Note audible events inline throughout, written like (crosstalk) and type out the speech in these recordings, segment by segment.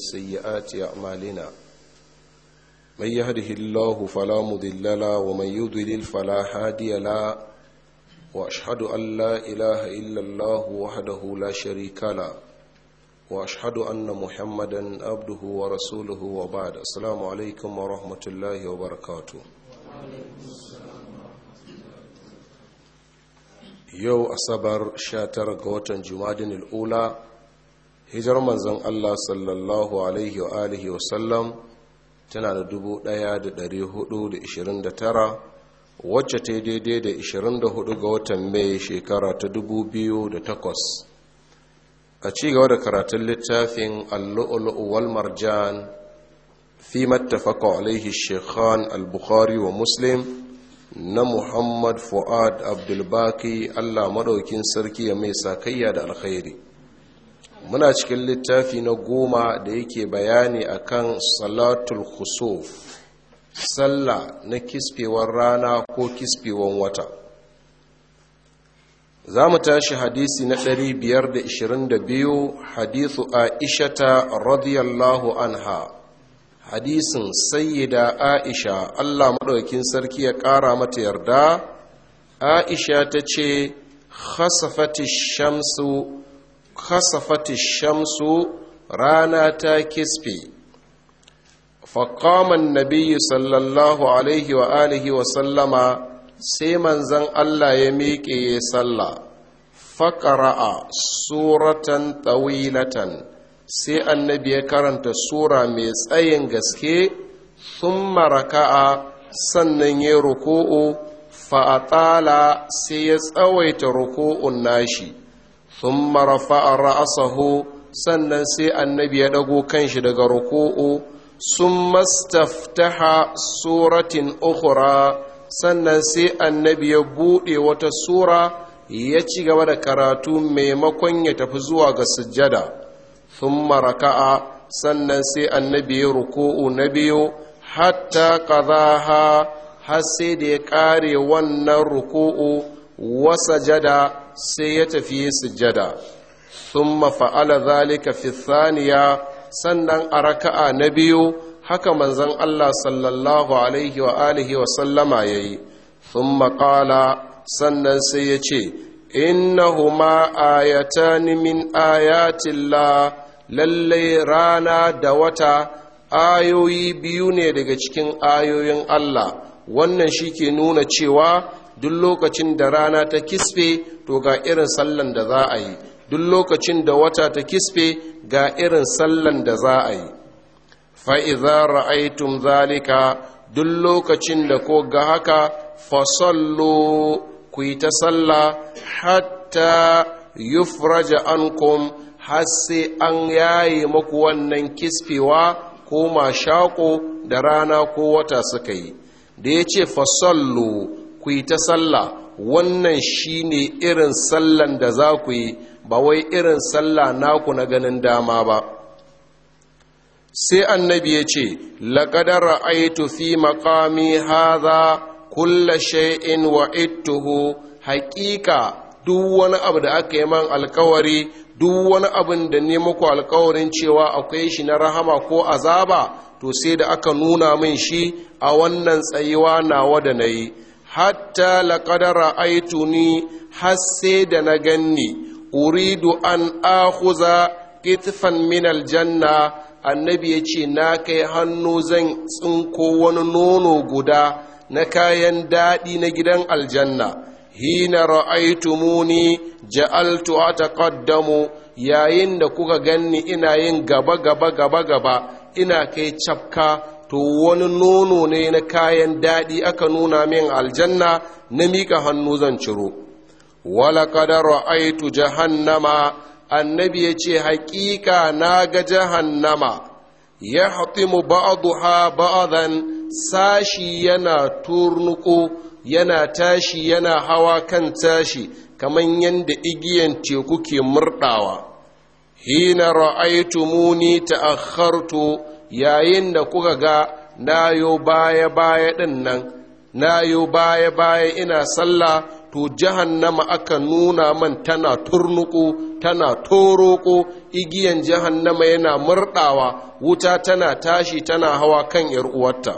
سيئات أعمالنا من يهده الله فلا مضل له ومن يضلل فلا هادي له وأشهد أن لا إله إلا الله وحده لا شريك له وأشهد أن محمدا عبده ورسوله وبعد السلام عليكم ورحمة الله وبركاته yau asabar 19 ga watan jumadin al'ula hijar manzon Allah sallallahu alaihi wa alihi wa sallam tana da 1429 wacce ta daidai da 24 ga watan mai shekara ta 2008 a cigaba da karatun littafin allu'ulu'u wal marjan fi mattafaka alaihi shekhan al-bukhari wa muslim na muhammad fu'ad abdulbaki allah madaukin sarki ya mai sakayya da alkhairi muna cikin littafi na goma da yake bayani akan salatul khusuf sallah na kispewar rana ko kispewar wata za mu tashi hadisi na 522 hadithu aishata radiyallahu anha hadisin sayyida aisha allah maɗaukin sarki ya ƙara mata yarda aisha ta ce khasafati shamsu khasafati shamsu rana ta kisfe faƙaman nabiyyu sallallahu alaihi wa alihi wa sallama sai manzan allah ya miƙe ya salla a suratan tawilatan sai annabi ya karanta sura mai tsayin gaske sun maraka'a sannan ya ruku'u fa'atala sai ya tsawaita ruku'un nashi sun mara a ra'asahu sannan sai annabi ya ɗago kanshi daga ruku'u sun mastaftaha suratin ukhra sannan sai annabi ya buɗe wata sura ya ci gaba da karatu maimakon ya tafi zuwa ga sujjada sun maraka'a sannan sai annabi ya ruku'u na biyu hatta kazaha har sai da ya ƙare wannan ruku'u wasa jada sai ya tafi sujjada sun mafa'ala zalika fi sannan a raka'a na biyu haka manzon Allah sallallahu alaihi wa alihi wa sallama ya yi. sun maƙala sannan sai ya ce innahuma ayatan min ayatillah Lallai rana da wata ayoyi biyu ne daga cikin ayoyin Allah wannan shi ke nuna cewa duk lokacin da rana ta kisfe to ga irin sallan da za a yi duk lokacin da wata ta kisfe ga irin sallan da za a yi fa'iza ra'aitun zalika duk lokacin da ko ga haka fasallo ku yi ta salla hatta yufraja an har sai an yaye maku wannan kisfewa ko mashako da rana ko wata suka yi da ya ce fasallo ku yi ta sallah wannan shi ne irin sallan da za ku yi ba wai irin sallah naku na ganin dama ba sai annabi ya ce laƙadar ra'aitu fi makami haza kulla shay'in wa'idtuhu haƙiƙa duk wani abu da aka yi man alkawari duk wani abin da ne muku alkawarin cewa akwai shi na rahama ko azaba to sai da aka nuna min shi a wannan tsayuwa nawa da na yi hatta laƙadara aituni har sai da na ganni uridu an ahuza kitfan min aljanna annabi ya ce na kai hannu zan tsinko wani nono guda na kayan daɗi na gidan aljanna hina ra'aitumuni ja'altu ataqaddamu yayin da kuka ganni ina yin gaba gaba gaba gaba ina kai cafka to wani nono ne na kayan daɗi aka nuna min aljanna na miƙa hannu zan ciro wala kadara aitu jahannama annabi ya ce haƙiƙa na ga jahannama ya hatimu ba'aduha ba'adan sashi yana turnuko yana tashi yana hawa kan tashi kamar yadda igiyan teku ke murɗawa hina ra'aitu muni ta'akhartu yayin da kuka ga na yo baya-baya ɗin nan na yo baya-baya ina sallah to jahannama aka nuna man tana turnuku tana toroko igiyan jahannama yana murɗawa wuta tana tashi tana hawa kan ‘yar uwarta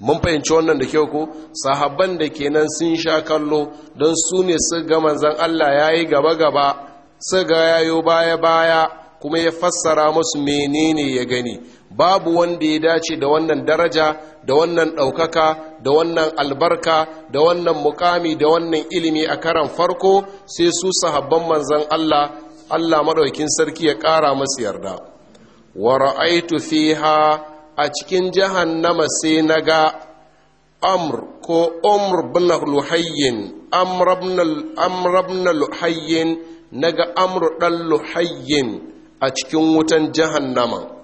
mun fahimci wannan da kyau ko sahabban da kenan sun sha kallo don su ne su ga manzan Allah ya yi gaba-gaba su ga yayo baya-baya kuma ya fassara musu menene ya gani babu wanda ya dace da wannan daraja da wannan ɗaukaka da wannan albarka da wannan mukami da wannan ilimi a karan farko sai su sahabban manzan Allah Allah maɗaukin sarki ya ƙara masu yarda wa ra'aitu fiha a cikin jahannama sai naga ga amr ko umr bin luhayyin amr luhayyin naga amr ɗan luhayyin a cikin wutan jahannama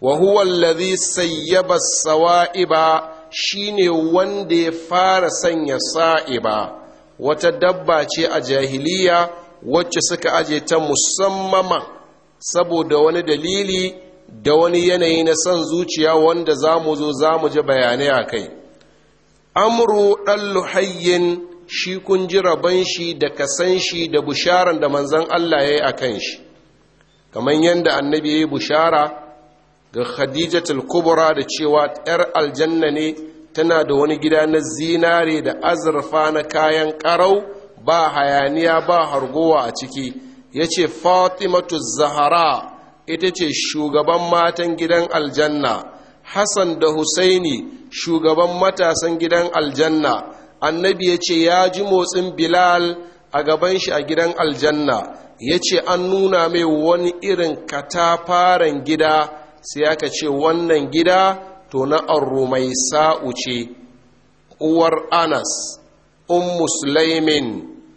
wa huwa allazi sayyaba sawa'iba shine wanda ya fara sanya sa'iba wata dabba ce a jahiliya wacce suka aje ta musamman saboda wani dalili da wani yanayi na son zuciya wanda za mu zo za mu ji bayanai a kai amru ɗan luhayyin shi kun ji rabon shi da kasan shi da busharan da manzan Allah ya yi a kan shi kamar yadda annabi ya yi bushara ga khadijatul kubra da cewa yar aljanna ne tana da wani gida na zinare da azurfa na kayan karau ba hayaniya ba hargowa a ciki ya ce fatimatu zahara ita ce shugaban matan gidan aljanna hassan da husaini shugaban matasan gidan aljanna annabi ya ce ya ji motsin bilal a gaban shi a gidan aljanna ya ce an nuna mai wani irin katafaren gida sai aka ce wannan gida to na sa'u ce uwar anas un musulaimin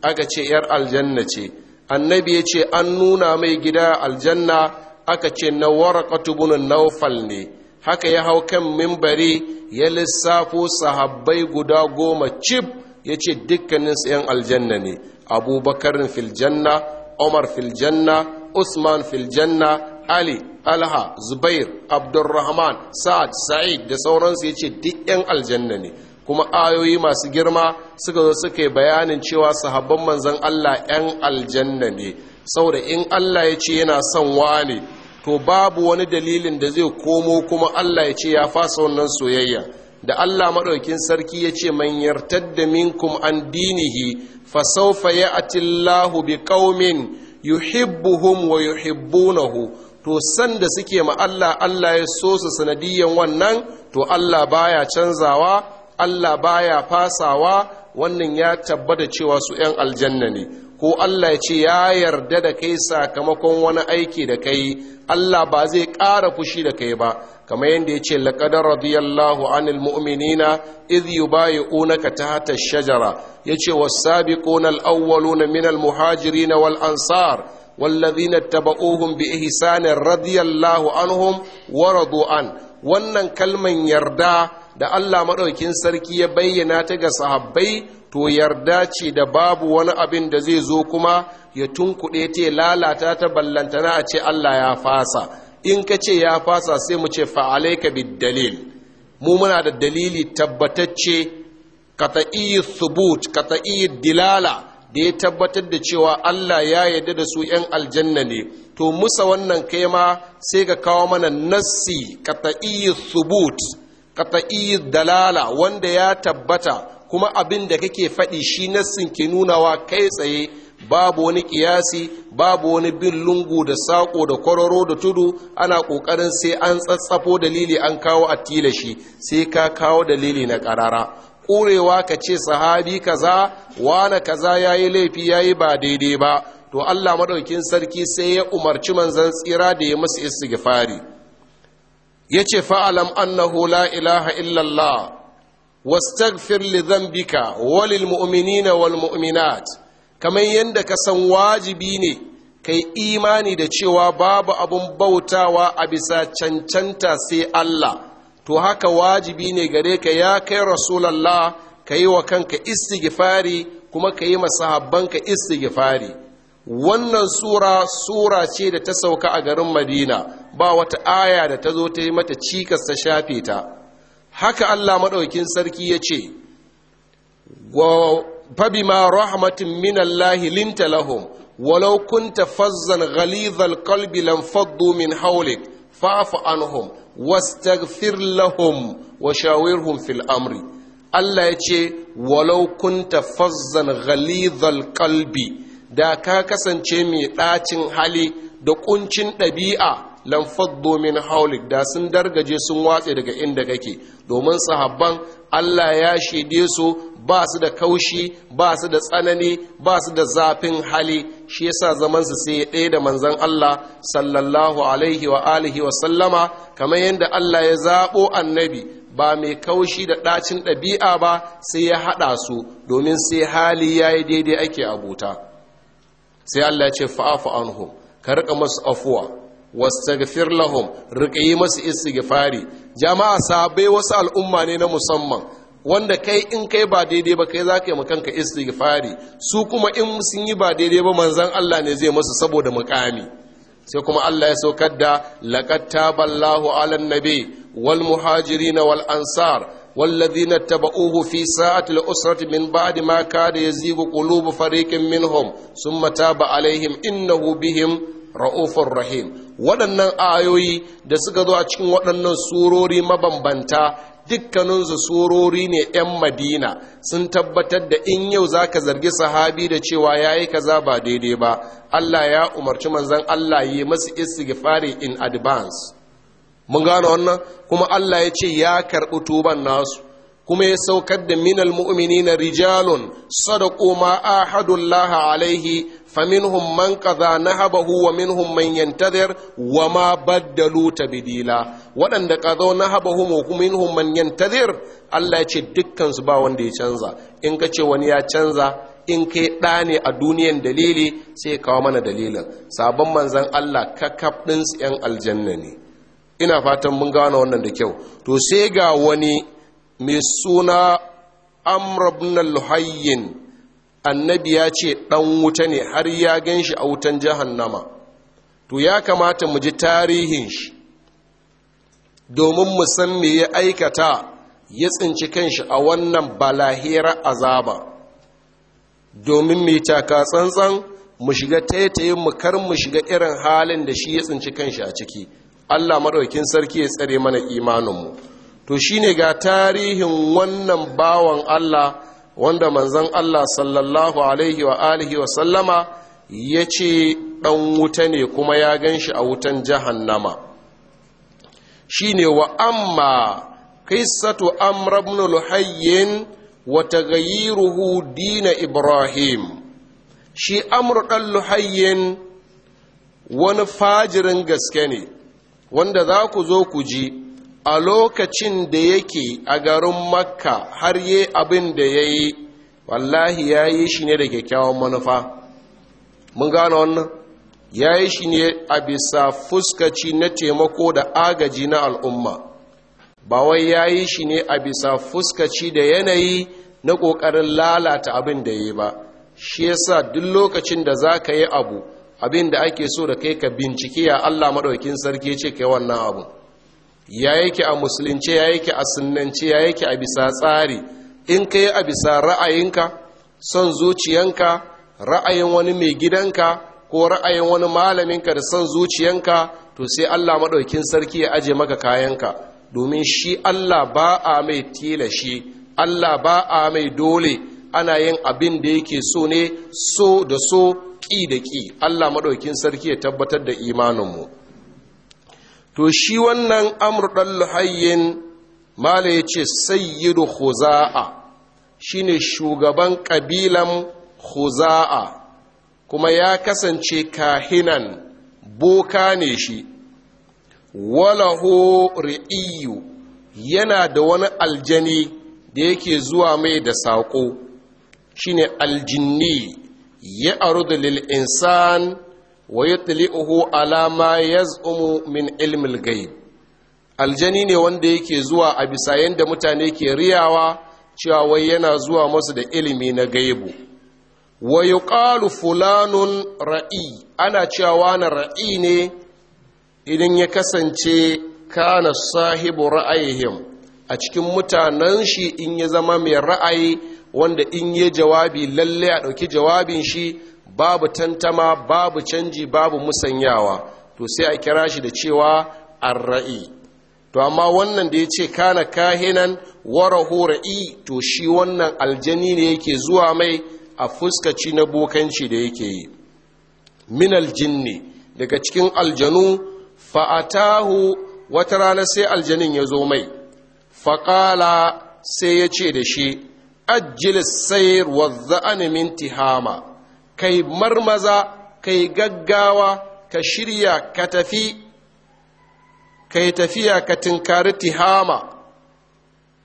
aka ce yar aljanna ce annabi ya ce an nuna mai gida aljanna aka ce na warakatu naufal ne haka ya hau kan mimbari ya lissafo sahabbai guda goma cib ya ce dukkaninsu 'yan aljanna ne Abubakar filjanna umar filjanna usman filjanna ali Alha, zubair Abdulrahman, sa'ad sa'id da sauransu ya ce duk 'yan aljanna ne kuma ayoyi masu girma suka zo suka yi bayanin cewa sahabban manzan allah 'yan aljanna ne saboda in allah ya ce yana son wani, to babu wani dalilin da zai komo kuma allah ya ce ya fasa wannan soyayya da allah maɗaukin sarki ya ce man yartadda minkum an dinihi fa saufa ya'ti allahu bi qaumin yuhibbuhum wa yuhibbunahu to sanda suke ma Allah Allah ya so su sanadiyan wannan to Allah baya canzawa Allah baya fasawa wannan ya tabbata cewa su 'yan aljanna ne ko Allah ya ce ya yarda da kai sakamakon wani aiki da kai Allah ba zai ƙara fushi da kai ba kamar yadda ya ce laƙadar radiyallahu anil mu'minina idh yubayi'unaka tahta shajara yace sabi sabiquna al na minal muhajirin wal ansar والذين اتبعوهم بإحسان رضي الله عنهم ورضوا عن wannan kalman yarda da Allah maɗaukin sarki ya bayyana ta ga sahabbai to yarda ce da babu wani abin da zai zo kuma ya tunkuɗe ta lalata ta ballantana a ce Allah ya fasa in ka ce ya fasa sai mu ce fa'alaika bid dalil mu muna da dalili tabbatacce kata'i thubut iya dilala da ya tabbatar da cewa Allah ya yarda da su ‘yan aljanna ne, to musa wannan kai ma sai ka kawo mana nassi kata'i thubut kata'i dalala wanda ya tabbata kuma abin da kake faɗi shi nassin ke nunawa kai tsaye babu wani ƙiyasi babu wani bin lungu da saƙo da kwararo da tudu ana ƙoƙarin sai an tsatsafo dalili an kawo a shi, sai ka kawo dalili na ƙarara ƙurewa ka ce sahabi kaza wane kaza ya yi laifi ya yi ba daidai ba to allah maɗaukin sarki sai ya umarci manzan tsira da ya masu gifari ya ce fa'alam annahu la ilaha illallah wastagfir li zambika walil mu'minina wal mu'minat kamar yadda ka san wajibi ne kai imani da cewa babu abun bautawa a bisa cancanta sai allah to haka wajibi ne gare ka ya kai rasulallah ka yi wa kanka istighfari kuma ka yi masahabbanka istighfari wannan sura sura ce da ta sauka a garin madina ba wata aya da ta zo ta yi mata cikas ta shafe ta haka allah maɗaukin sarki ya ce ma rahmatin minallahi linta lahum walau kunta fazzan ghalizal kalbi lam faddu min hawlik fa'fu anhum wastaghfir lahum wa shawirhum fil amri Allah ya ce walau kunta fazzan ghalidhal qalbi da ka kasance mai ɗacin hali da kuncin ɗabi'a lan faddu min haulik da sun dargaje sun watse daga inda kake domin sahabban Allah ya shaide su ba su da kaushi ba su da tsanani ba su da zafin hali shi yasa zaman su sai ɗaya da manzon Allah sallallahu alaihi wa alihi wa sallama kamar yadda Allah ya zaɓo annabi ba mai kaushi da ɗacin ɗabi'a ba sai ya haɗa su domin sai hali ya yi daidai ake abuta sai Allah ce fa'afu anhum ka riƙa masu afuwa wastaghfir lahum riƙa yi masu istighfari jama'a sabai wasu al'umma ne na musamman wanda kai in kai ba daidai ba kai za ka yi makanka istighfari su kuma in sun yi ba daidai ba manzan Allah ne zai masu saboda mukami sai kuma Allah ya saukar da laqad taballahu alan nabi wal muhajirin wal ansar والذين اتبعوه في ساعة الأسرة من بعد ما كاد يزيغ قلوب فريق منهم ثم تاب عليهم إنه بهم رؤوف رحيم waɗannan ayoyi da suka zo a cikin waɗannan surori mabambanta dukkaninsu surori ne 'yan madina sun tabbatar da in yau za ka zargi sahabi da cewa ya yi kaza ba daidai ba allah ya umarci manzan allah yi masu istighfari in advance mun gano wannan kuma allah ya ce ya karɓi tuban nasu kuma ya saukar da minal na rijalun sadaqu ma ahadullah alaihi faminhum man qadha nahabahu wa minhum man yantazir wa ma baddalu tabdila waɗanda qadha nahabahu wa minhum man yantazir Allah ya ce dukkan ba wanda ya canza in ka ce wani ya canza in kai ɗa ne a duniyan dalili sai kawo mana dalilin sabon manzan Allah kakaf su 'yan aljanna ne ina fatan mun gano wannan da kyau to sai ga wani mai suna amrabna luhayyin annabi ya ce ɗan wuta ne har ya gan shi a wutan nama? to ya kamata mu ji tarihin shi domin mu san me ya aikata ya tsinci kanshi a wannan balahira azaba domin mai taka tsantsan mu shiga taitayin mu kar mu shiga irin halin da shi ya tsinci kanshi a ciki allah maɗaukin sarki ya tsare mana imaninmu to shine ga tarihin wannan bawan Allah wanda manzon Allah sallallahu alaihi wa alihi wa sallama ya ce ɗan wuta ne kuma ya gan shi a wutan jahannama shi ne wa amma qissatu amr ibn luhayyin wa taghayyiruhu Dina ibrahim shi amru ɗan luhayyin wani fajirin gaske ne wanda za ku zo ku ji a lokacin da yake a garin makka har yi abin da ya yi wallahi ya yi shi ne da kyakkyawan manufa mun gano wannan ya yi shi ne a bisa fuskaci na taimako da agaji na al'umma ba wai ya yi shi ne a bisa fuskaci da yanayi na ƙoƙarin lalata abin da ya yi ba shi yasa duk lokacin da za ka yi abu abin da ake so da kai ka bincike ya allah maɗaukin sarki ce yi wannan abu ya yake a Musulunci, ya yake a sunnance ya yake a bisa tsari in ka yi a bisa ra'ayinka son zuciyanka ra'ayin wani mai gidanka ko ra'ayin wani malaminka da son zuciyanka to sai allah maɗaukin sarki ya aje maka kayanka domin shi allah ba a mai tilashi allah ba a mai dole ana yin abin da yake so ne so da so ƙi da ƙi allah maɗaukin sarki ya tabbatar da imaninmu to shi wannan amur ɗan luhayyin mala ya ce sayyidu khuza'a ne shugaban ƙabilan khuza'a kuma ya kasance kahinan boka ne shi walahu ri'iyu yana da wani aljani da yake zuwa mai da saƙo shine aljinni ya arudu lil insan ويطلئه على ما يزعم yaz'umu min الغيب الجني aljani ne wanda yake zuwa a bisa yanda mutane ke riyawa cewa wai yana zuwa masu da ilimi na gaibu wa yuqalu fulanun ra'i ana cewa wani ra'i ne idan ya kasance kana sahibu ra'ayihim a cikin mutanen shi in ya zama mai ra'ayi wanda in ya jawabi lalle a ɗauki jawabin shi babu tantama babu canji babu musanyawa to sai a kira shi da cewa arra'i to amma wannan da ya ce kana kahinan warahu ra'i to shi wannan aljani ne yake zuwa mai a fuskaci na bokanci da yake yi min jinni daga cikin aljanu fa'atahu wata rana sai aljanin ya zo mai faƙala sai ya ce da shi ajil sayar wa za'ani min tihama kai marmaza kai gaggawa ka shirya ka tafi kai tafiya ka tinkari tihama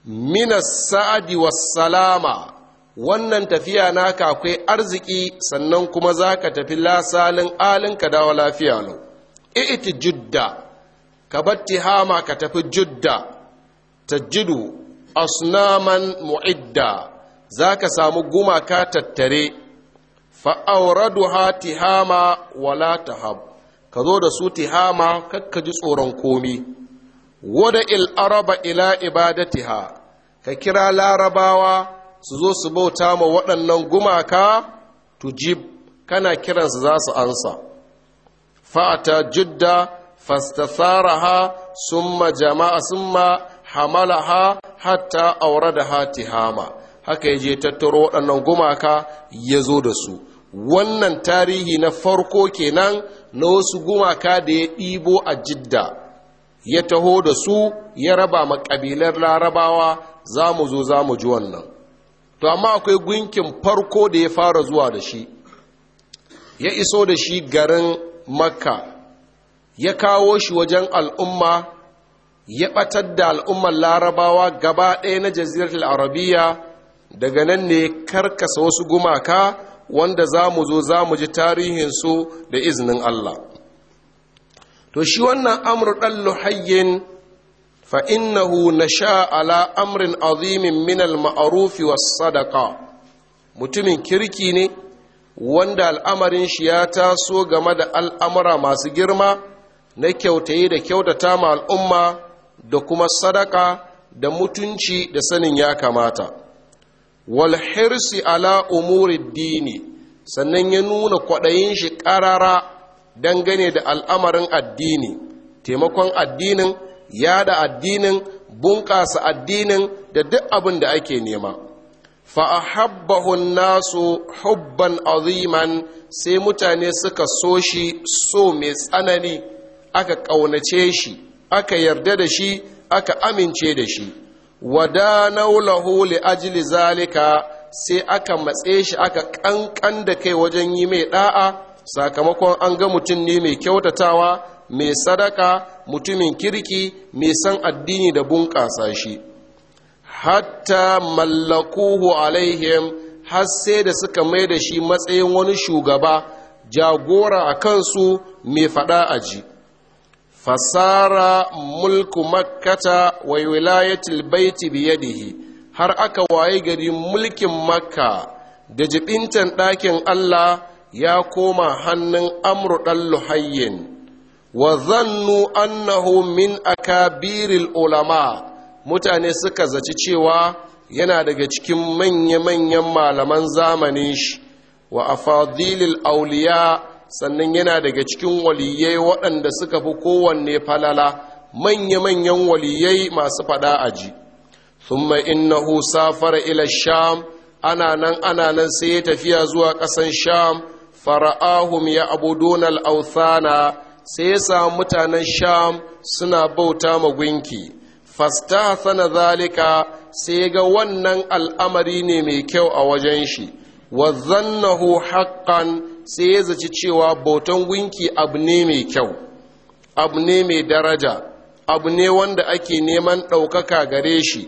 minas sa'adi salama wannan tafiya naka akwai arziki sannan kuma za ka tafi lasalin alinka dawo lafiya lo iti judda ka bar tihama ka tafi judda tajidu asnaman mu'idda za ka samu gumaka tattare fa'auraduha tihama wala tahab ka zo da su tihama kakka ji tsoron komi wada il'araba ila ila ibadatiha ka kira larabawa su zo su bauta ma waɗannan gumaka tujib kana kiransu za su ansa fa'ata jidda fastasaraha summa jama'a summa hamalaha hatta auradaha tihama haka ya je tattaro waɗannan gumaka ya zo da su wannan tarihi na farko kenan na wasu gumaka da ya ɗibo a jidda ya taho da su ya raba ma ƙabilar larabawa za mu zo za mu ji wannan to amma akwai gunkin farko da ya fara zuwa da shi ya iso da shi garin makka ya kawo shi wajen al'umma ya ɓatar da al'ummar larabawa gaba ɗaya na jazirar arabiyya daga nan ne karkasa wasu gumaka wanda za mu zo za mu ji tarihinsu da izinin Allah to shi wannan amur ɗan luhayyin fa na sha ala amrin azimin minal ma'arufi wa sadaka mutumin kirki ne wanda al'amarin shi ya taso game da al'amura masu girma na kyautaye da kyautata ma al'umma da kuma sadaka da mutunci da sanin ya kamata wal ala umuri dini sannan ya nuna kwaɗayin shi ƙarara dangane da al'amarin addini taimakon addinin yada addinin bunƙasa addinin da duk abin da ake nema fa'ahabbahun nasu hubban aziman sai mutane suka so shi so mai tsanani aka ƙaunace shi aka yarda da shi aka amince da shi wadanau lahu li ajli zalika sai aka matse shi aka kankan da kai wajen yi mai da'a sakamakon an ga mutum ne mai kyautatawa mai sadaka mutumin kirki mai san addini da bunƙasa shi hatta mallakuhu alaihim har sai da suka mai da shi matsayin wani shugaba jagora a kansu mai faɗa a ji. fasara mulku makkata wa wilayatul baiti biyadihi har aka waye gari mulkin makka da jibintan ɗakin Allah ya koma hannun amru ɗan luhayyin wa zannu annahu min akabiril ulama mutane suka zaci cewa yana daga cikin manya-manyan malaman zamanin shi wa afadilil auliya sannan yana daga cikin waliyai waɗanda suka fi kowanne falala manya-manyan waliyai masu fada a ji thumma innahu safara ila sham ana nan ana nan sai ya tafiya zuwa ƙasan sham fara'ahum ya abudun authana sai ya samu mutanen sham suna bauta ma gunki fasta sana zalika sai ga wannan al'amari ne mai kyau a wajen shi Wa zannahu haƙƙan sai ya zaci cewa bautan gunki abu ne mai kyau abu ne mai daraja abu ne wanda ake neman ɗaukaka gare shi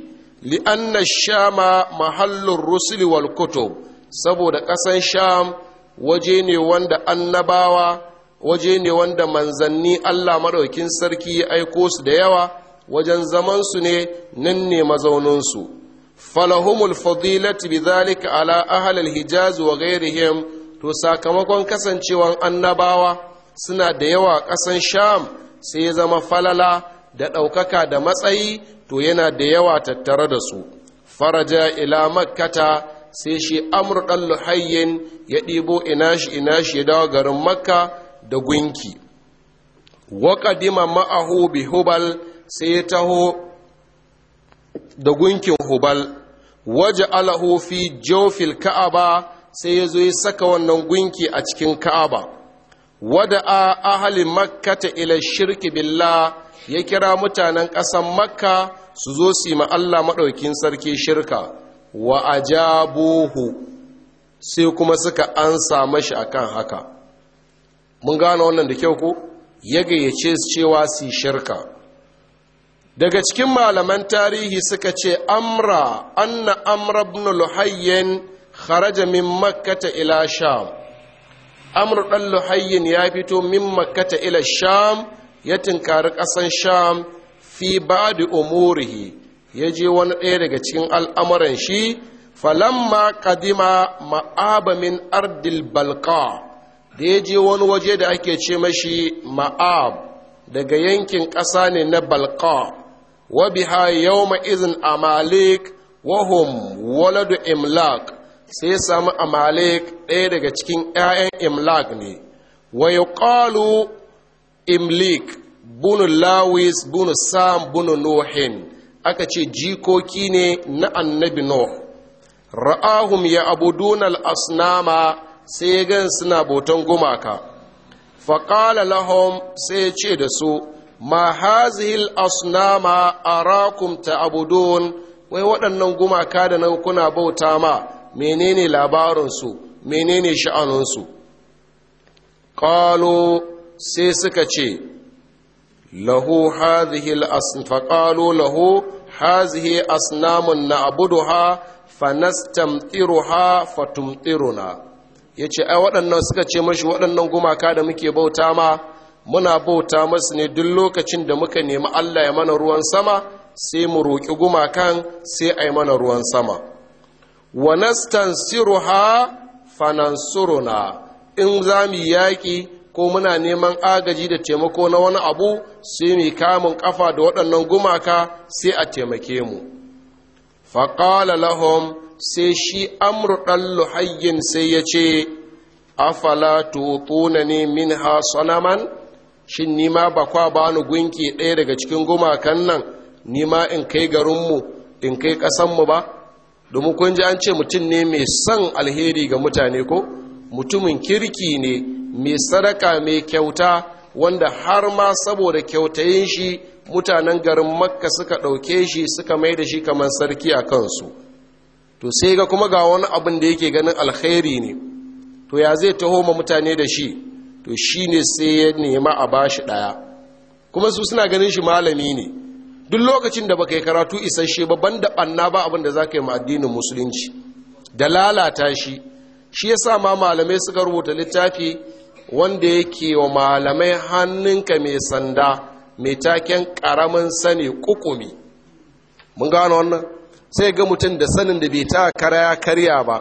li'anna shama mahallin rusuli wal kutub saboda ƙasan sham waje ne wanda annabawa waje ne wanda manzanni allah maɗaukin sarki ya aiko su da yawa wajen zamansu ne nan ne mazauninsu falahumul fadilati bi zalika ala ahlil hijaz wa ghairihim to sakamakon kasancewan annabawa suna da yawa ƙasan sham sai ya zama falala da ɗaukaka da matsayi to yana da yawa tattare da su faraja ila makkata sai shi amur ɗan luhayyin ya ɗibo ina shi ya dawo garin makka da gunki waƙadima ma'ahu bi hubal sai ya taho da gunkin hubal waje alahu fi jofil ka'aba sai ya zo ya saka wannan gunki a cikin ka'aba wada a Makkata makka ta ila shirki billah ya kira mutanen ƙasan makka su zo su ma Allah maɗaukin sarki shirka wa ajabuhu sai kuma suka ansa mashi akan haka mun gane wannan da kyau ko ya gayyace cewa su shirka daga cikin malaman tarihi suka ce amra anna amra ibn hayyan kharaja min makkata ila sham amr ɗan luhayyin ya fito min makata ila sham ya tinkari ƙasan sham fi ba'di umurihi ya je wani ɗaya daga cikin al'amuran shi falamma kadima ma'aba min ardil balka da ya je wani waje da ake ce mashi ma'ab daga yankin ƙasa ne na balka wa biha yawma izin amalik wahum waladu imlak sai samu amalek ɗaya daga cikin 'ya'yan imlak ne wa ƙalu imlik bunu lawis bunu sam bunu nohin aka ce jikoki ne na annabi Noh. ra'ahum ya abuduna al-asnama sai gan suna boton gumaka faƙala lahom sai ce da su ma hazihil asnama a ta abudun wai waɗannan gumaka da nan kuna bauta ma menene labarinsu menene sha'aninsu ƙalo sai suka ce lahu hazihi faƙalo lahu hazihi asnamun na abuduha fanastamtiruha fatumtiruna ya ce ai waɗannan suka ce mashi waɗannan gumaka da muke bauta ma muna bauta masu ne duk lokacin da muka nemi allah ya mana ruwan sama sai mu roƙi gumakan sai a mana ruwan sama wa nastansiruha fanansuruna in za mu yi yaƙi ko muna neman agaji da taimako na wani abu sai mu kamun ƙafa da waɗannan gumaka sai a taimake mu faƙala Lahom sai shi amru ɗan luhayyin sai ya ce afala tuna ne min ha sanaman shin nima ba kwa bani gunki ɗaya daga cikin gumakan nan nima in kai garinmu in kai ƙasanmu ba domin kun ji an ce mutum ne mai son alheri ga mutane ko mutumin kirki ne mai sadaka mai kyauta wanda har ma saboda kyautayin shi mutanen garin makka suka ɗauke shi suka mai da shi kamar sarki a kansu to sai ga kuma ga wani abin da yake ganin alheri ne to ya zai taho ma mutane da shi to shi ne sai ya nema a bashi ɗaya kuma su suna ganin shi malami ne duk lokacin da baka yi karatu isasshe ba banda banna ba abin da ka yi ma addinin musulunci da lalata shi shi ya sa ma malamai suka rubuta littafi wanda yake wa malamai hannunka mai sanda mai taken karamin sani kukumi mun gano wannan sai ga mutum da sanin da bai ta ya karya ba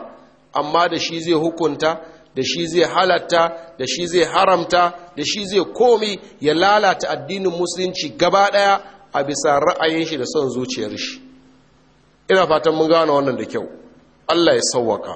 amma da shi zai hukunta da shi zai halatta da shi zai haramta da shi zai komi ya lalata addinin musulunci gaba daya a bisa ra'ayin shi da son zuciyar shi ina fatan mun gano wannan da kyau Allah ya sauwaka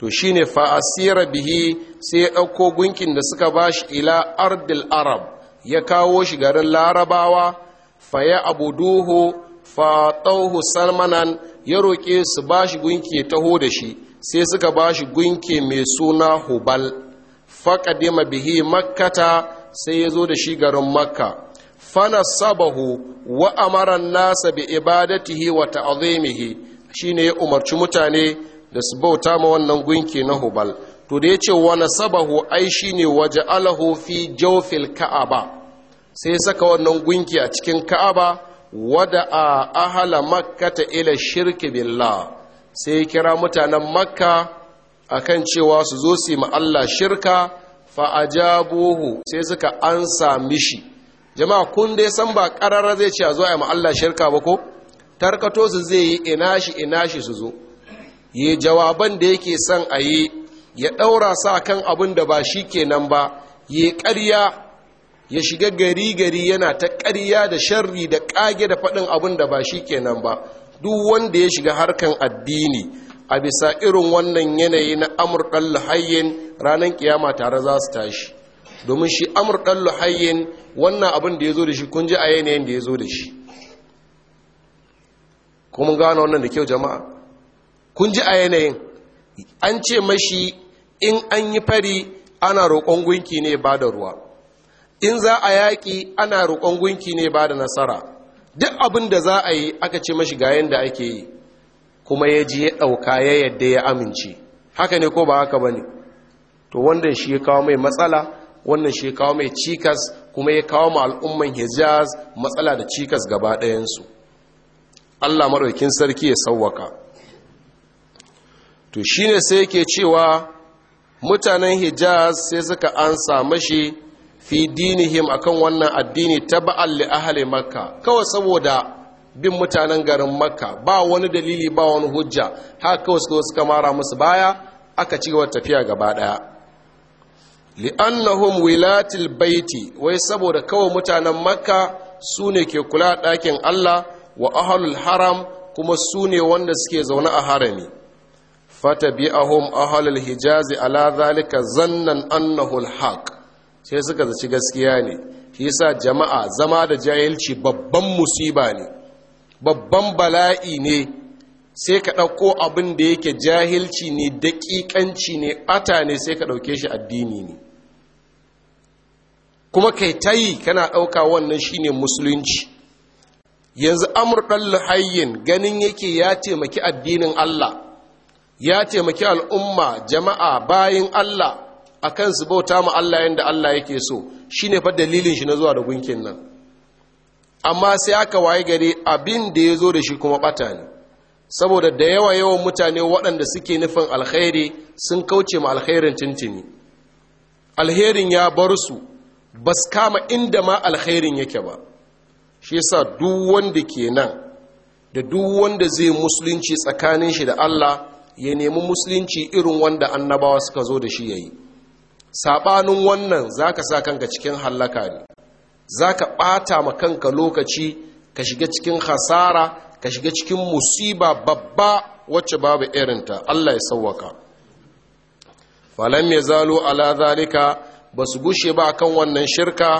to shine fa asira bihi sai ya ɗauko gunkin da suka bashi ila ardil arab ya kawo shi garin larabawa fa ya abuduhu fa tauhu salmanan ya roƙe su bashi gunki ya taho da shi sai suka bashi gunki mai suna hubal fa kadima bihi makkata sai ya zo da shi garin makka fanasabahu wa amara nasa bi ibadatihi wa ta'zimihi shine ya umarci mutane da su bauta ma wannan gunki na hubal to da yace wa nasabahu ai shine waja'alahu fi jawfil ka'aba sai saka wannan gunki a cikin ka'aba wada a ahala makkata ila shirki billah sai kira mutanen makka akan cewa su zo su yi ma Allah shirka fa ajabuhu sai suka ansa mishi jama'a kun dai san ba ƙararra zai ce a zo a yi Allah shirka ba ko tarkato su zai yi ina shi ina shi su zo yi jawaban da yake son a yi ya ɗaura sa kan abin da ba shi kenan ba yi ƙarya ya shiga gari gari yana ta karya da sharri da ƙage da faɗin abin da ba shi kenan ba duk wanda ya shiga harkan addini a bisa irin wannan yanayi na Amurkan ɗan ranar kiyama tare za su tashi domin shi amur ɗan luhayyin wannan abin da ya zo da shi kun ji a yanayin da ya zo da shi kuma gano wannan da kyau jama'a kun ji a yanayin an ce mashi in an yi fari ana roƙon gunki ne ba da ruwa in za a yaƙi ana roƙon gunki ne ba da nasara duk abin da za a yi aka ce mashi ga yadda ake yi kuma ya ji ya ɗauka ya yadda ya amince haka ne ko ba haka ba ne to wanda shi ya kawo mai matsala wannan shi kawo mai cikas kuma ya kawo ma al'umman hijaz matsala da cikas gaba ɗayansu allah maraukin sarki ya sauwaka to shi ne sai yake cewa mutanen hijaz sai suka ansa shi fi dinihim akan wannan addini ta ba'al li ahali makka kawai saboda bin mutanen garin makka ba wani dalili ba wani hujja haka kawai suka mara musu baya aka ci gaba tafiya gaba ɗaya li'annahum wilatil baiti wai saboda kawai mutanen makka su ne ke kula ɗakin allah wa ahalul haram kuma su ne wanda suke zaune a harami fata bi'ahum ahalul hijazi ala zalika zannan annahul haq sai suka zaci gaskiya ne shi sa jama'a zama da jahilci babban musiba ne babban bala'i ne sai ka ɗauko abin da yake jahilci ne daƙiƙanci ne ɓata ne sai ka ɗauke shi addini ne kuma kai ta yi kana ɗauka wannan shine musulunci yanzu amur ɗan lahayyin ganin yake ya taimaki addinin allah ya taimaki al'umma jama'a bayan allah a kan su bauta ma allah yadda allah yake so shine fa dalilin shi na zuwa da gunkin nan amma sai aka waye gare abin da ya zo da shi kuma ɓata ne saboda da yawa yawan mutane waɗanda suke nufin alkhairi sun kauce ma alkhairin tintini alherin ya bar su ba su kama inda ma alkhairin yake ba shi yasa duk wanda ke nan da duk wanda zai musulunci tsakanin shi da Allah ya nemi musulunci irin wanda annabawa suka zo da shi yayi Saɓanin wannan zaka sa kanka cikin hallaka ne zaka ɓata ma kanka lokaci ka shiga cikin hasara ka shiga cikin musiba babba wacce babu irinta Allah ya sauwaka falam yazalu ala zalika ba su gushe ba kan wannan shirka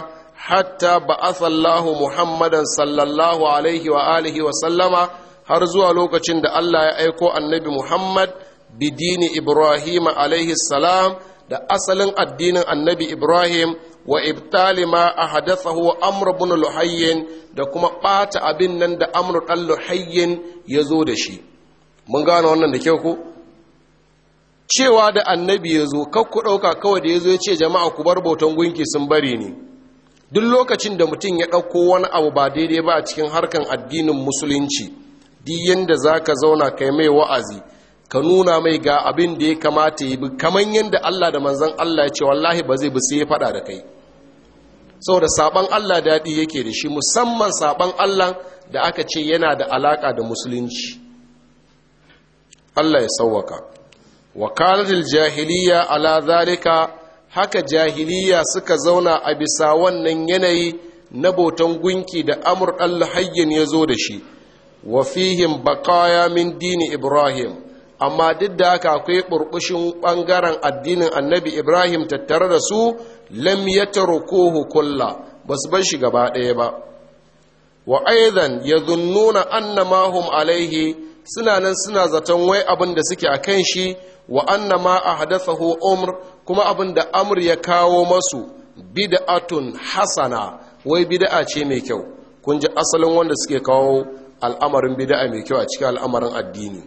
hatta ba'athallahu muhammadan sallallahu alaihi wa alihi wa sallama har zuwa lokacin da Allah ya aiko annabi muhammad bidini ibrahim alaihi salam da asalin addinin annabi ibrahim wa ibtali ma a hadathahu amr ibn luhayyin da kuma ɓata abin nan da amr ɗan luhayyin ya zo da shi mun gane wannan da kyau ko cewa da annabi ya zo kakku ɗauka kawai da ya zo ya ce jama'a ku bar bautan gunki sun bari ne duk lokacin da mutum ya ɗauko wani abu ba daidai ba a cikin harkar addinin musulunci duk yadda za ka zauna kai mai wa'azi ka nuna mai ga abin da ya kamata yi kamar yadda allah da manzan allah ya ce wallahi ba zai bi sai ya faɗa da kai saboda saɓan allah daɗi yake da shi musamman saɓan allah da aka ce yana da alaƙa da musulunci allah ya sauwaka wa kalatil jahiliya ala zalika haka jahiliya suka zauna a bisa wannan yanayi na botan gunki da amur hayyin ya zo da shi wa fihim bakaya min dini ibrahim amma duk da haka akwai ɓurɓushin ɓangaren addinin annabi ibrahim tattare da su lam yatarukuhu kulla ba su bar shi gaba ɗaya ba wa aidan yadhunnuna annama hum alaihi suna nan suna zaton wai abin da suke a kan shi wa anna ma ahdathahu umr kuma abin da amr ya kawo masu bid'atun hasana wai bid'a ce mai kyau kun ji asalin wanda suke kawo al'amarin bid'a mai kyau a cikin al'amarin addini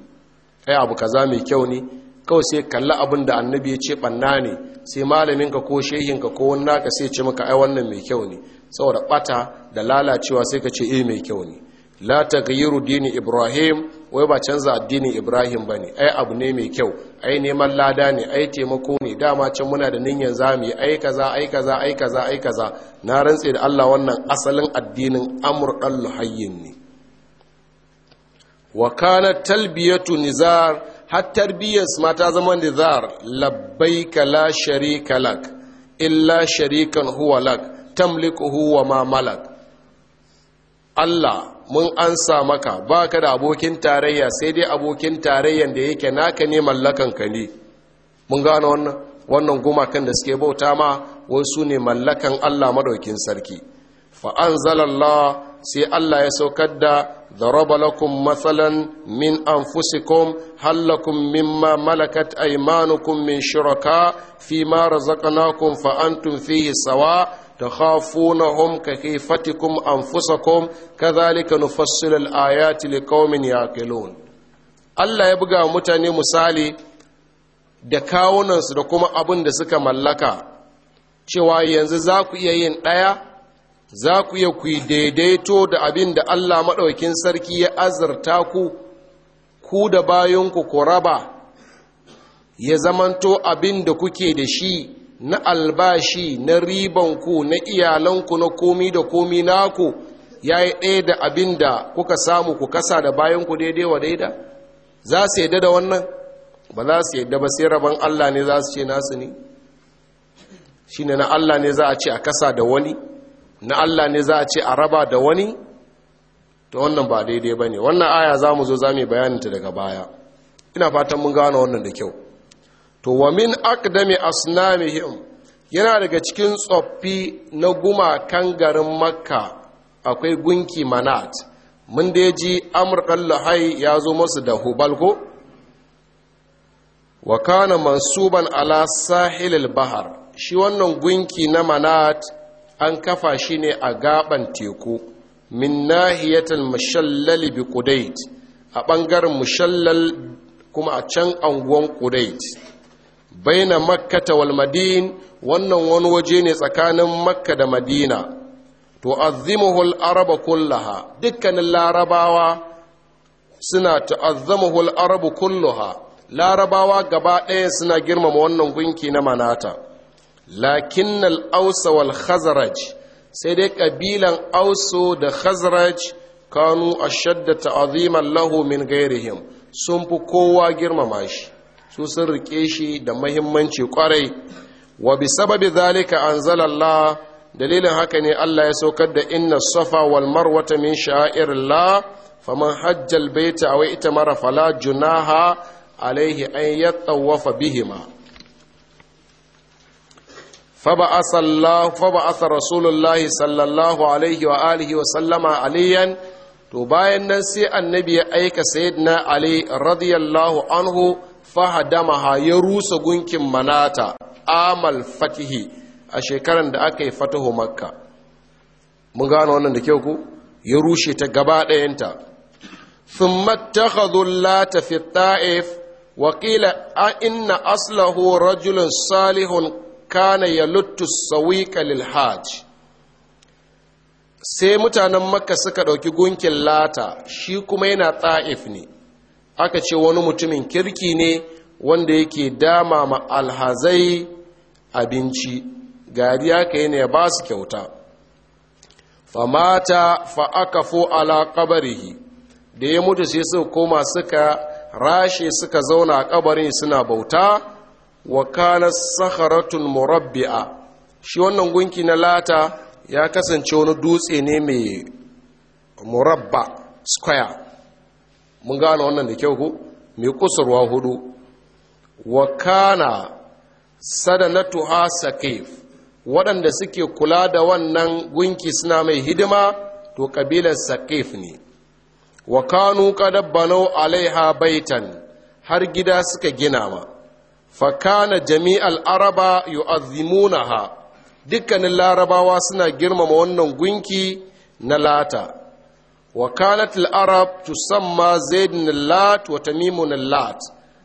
ai abu kaza mai kyau ne kawai sai kalla abin da annabi ya ce banna ne sai malaminka ko shehin ka ko wani naka sai ce maka ai wannan mai kyau ne saboda bata da lalacewa sai ka ce eh mai kyau ne la taghyiru dini ibrahim wai ba canza addinin ibrahim ba ne ai abu ne mai kyau ai neman lada ne ai taimako ne dama can muna da ninyan mu yi ai kaza ai kaza ai kaza ai kaza na rantse da allah wannan asalin addinin amur dan ne wa kana talbiyatu nizar har tarbiyyar ma ta zama nizar Labbai Kala sharika lak illa sharikan huwa lak Tamliku Huwa ma malak allah mun ansa maka ba ka da abokin tarayya sai dai abokin tarayyan da yake naka ne mallakanka ne mun gano wannan wannan gumakan da suke bauta ma wasu ne mallakan Allah madaukin sarki fa sai Allah ya saukar da zaraba matsalan min anfusikum hallakum mimma malakat aimanukun min shiraka fi mara razaqnakum fa’antun fi yi sawa تخافونهم ka kayfatikum كذلك نفصل nufassilu لقوم ayati الله yaqilun Allah ya buga mutane misali da kawunansu da kuma abin da suka mallaka cewa yanzu za ku iya yin ɗaya za ku iya ku daidaito da abin da Allah maɗaukin sarki ya azurta ku ku da bayanku ku raba ya zamanto abin da kuke da shi na albashi na ribanku na iyalanku na komi da komi naku ya yi ɗaya da abin da kuka samu ku kasa da bayanku daidai wa daida za su yadda da wannan ba za su yadda ba sai rabon allah ne za su ce nasu ne shi na allah ne za a ce a kasa da wani na allah ne za a ce a raba da wani ta wannan ba daidai ba ne wannan aya za mu zo za mu yi bayaninta daga baya ina fatan mun gano wannan da kyau to wa min aqdami asnamihim yana daga cikin tsoffi na guma kan garin makka akwai gunki manat mun da ya ji amurkan lahai ya zo masu da hubal ko wa kana mansuban ala sahilil bahar shi wannan gunki na manat an kafa shi ne a gaban teku min nahiyatar mashallal bi qudait a bangaren mashallal kuma a can anguwan qudait baina makkata wal madin wannan wani waje ne tsakanin makka da madina to azzimuhu araba kullaha dukkanin larabawa suna ta'azzamuhu arabu kulluha larabawa gaba ɗaya suna girmama wannan gunki na manata lakin al wal khazraj sai dai ƙabilan auso da khazraj kanu ashadda ta'aziman lahu min gairihim, sun fi kowa girmama shi su sun rike shi da mahimmanci kwarai wa bi sababi zalika anzalallah dalilin haka ne Allah ya saukar da inna safa wal marwata min sha'irillah faman hajjal baita aw itamara fala junaha alaihi an yatawafa bihima فبعث الله فبعث رسول الله صلى الله عليه وآله وسلم عليا to bayan nan sai annabi ya aika sayyidina ali radiyallahu anhu fahadamaha ya rusa gunkin manata amal fatihi a shekaran da aka yi fataho makka mun gano wannan da kyau ku ya rushe ta gaba ɗayanta sun mattakhadun lata ta'if wakila a inna aslahu rajulun salihun kana ya luttu sawiƙa lil hajj sai mutanen makka suka ɗauki gunkin lata shi kuma yana ta'if ne aka ce wani mutumin kirki ne wanda yake dama ma alhazai abinci gari aka yi ne ba su kyauta famata fa'akafo ala kabarihi da ya mutu sai su koma suka rashe suka zauna a kabarin suna bauta wa kanar saharatun murabbi'a shi wannan gunki na lata ya kasance wani dutse ne mai murabba square mun gane wannan da kyau ko mai kusurwa hudu wa kana sadanatuha sakif waɗanda suke kula da wannan gunki suna mai hidima to ƙabilar sakif ne wa kanu qad alaiha baitan har gida suka gina ma fa kana jami'al araba yu'azzimunaha dukkanin larabawa suna girmama wannan gunki na lata وكانت العرب تسمى زيد اللات وتميم اللات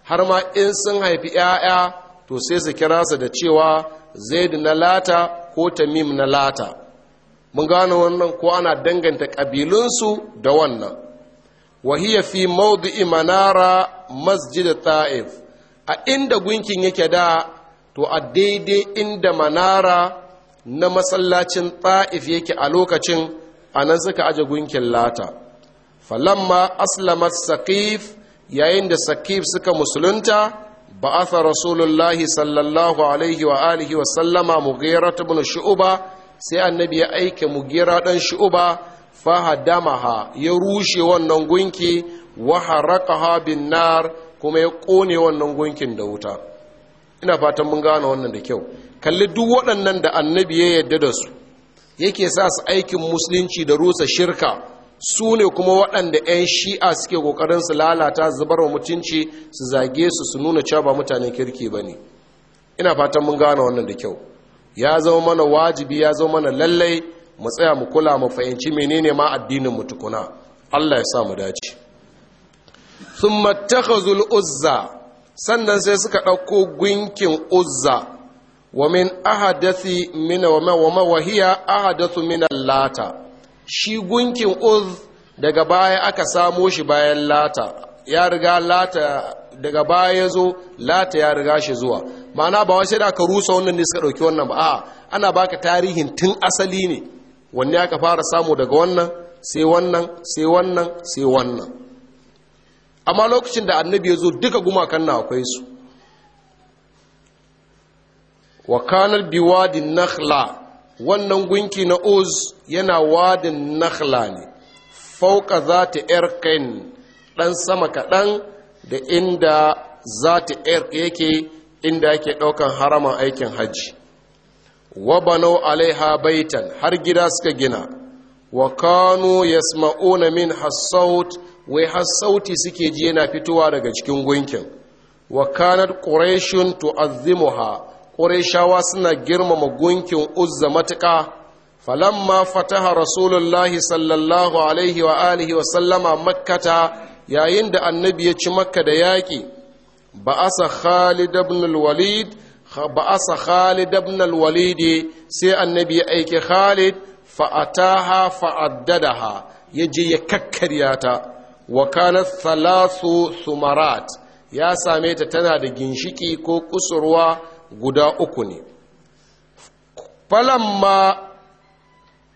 har ma in sun haifi 'ya'ya to sai su kira su da cewa zaid na lata ko tamim na lata mun gano wannan ko ana danganta ƙabilunsu da wannan wahiya fi maudu'i manara masjid ta'if a inda gunkin yake da to a daidai inda manara na masallacin ta'if yake a lokacin a nan suka aje gunkin lata falamma aslamat saqif yayin da saqif suka musulunta sa rasulullahi sallallahu alaihi wa alihi wa sallama ta ibn shu'ba sai annabi ya aike mugira dan shu'ba fahadamaha ya rushe wannan gunki wa harakaha bin nar kuma ya kone wannan gunkin da wuta ina fatan mun gane wannan da kyau kalli duk waɗannan da annabi ya yarda da su yake sa su aikin musulunci da rusa shirka su ne kuma waɗanda 'yan shi'a suke ƙoƙarin su lalata zubar wa mutunci su zage su su nuna cewa ba mutanen kirki ba ne ina fatan mun gane wannan da kyau ya zama mana wajibi ya zama mana lallai mu tsaya mu kula mu fahimci menene ma addinin mu tukuna Allah ya sa mu dace thumma takhazul uzza sannan sai suka ɗauko gunkin uzza ومن أحدث من وما, وما وهي أحدث من اللاتا shi gunkin uz daga baya aka samo shi bayan lata ya riga lata daga baya ya zo lata ya riga shi zuwa ma'ana ba wasu da aka rusa wannan ne suka ɗauki wannan ba a ana baka tarihin tun asali ne wanne aka fara samu daga wannan sai wannan sai wannan sai wannan amma lokacin da annabi ya zo duka gumakan na akwai su wa kanar wadin nakhla wannan gunki na uz yana wadin nakhla ne fauka za ta erkain ɗan sama kaɗan da inda za ta yake inda yake ɗaukan haraman aikin hajji wa banau alaiha baitan har gida suka gina wa kanu yasma'una min hassaut wai hassauti suke ji yana fitowa daga cikin gunkin wa kanat quraishun tu'azzimuha ƙureshawa suna girmama gunkin uzza matuƙa falamma fataha rasulullahi sallallahu alaihi wa alihi wa sallama makkata yayin da annabi ya ci makka da yaƙi ba'asa khalid ibn al-walid ba'asa khalid ibn al-walid sai annabi ya aike khalid fa'ataha fa'addadaha ya je ya kakkarya ta wa kana sumarat ya same ta tana da ginshiki ko kusurwa guda uku ne falamma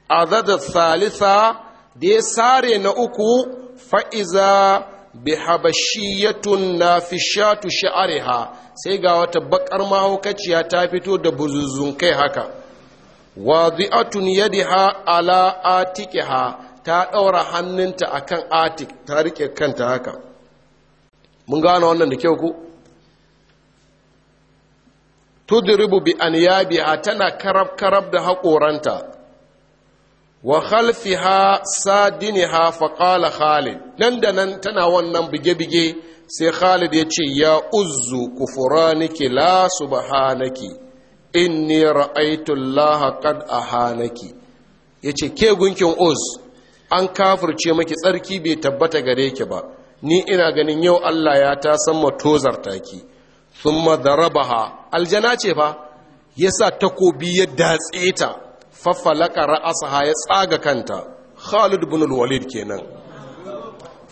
azada salisa da ya sare na uku fa'iza bi habashiyatun na fishatu sha'ariha sai ga wata bakar mahaukaciya ta fito da buzuzun kai haka wazi'atun yadiha ala atikiha ta ɗaura hannunta a akan atik ta riƙe kanta haka mun gane wannan da kyau ku tudribu bi anyabiha tana karab karab da haƙoranta wa khalfiha sadiniha fa qala khalid nan da nan tana wannan bige bige sai khalid ya ce ya uzzu kufraniki la subhanaki inni ra'aytu allaha qad ahanaki yace ke gunkin uz an kafirce miki tsarki bai tabbata gare ki ba ni ina ganin yau Allah ya ta san matozarta ki sun ha aljana ce fa ya sa takobi ya datse ta faffalaka ha ya tsaga kanta khalid bin walid kenan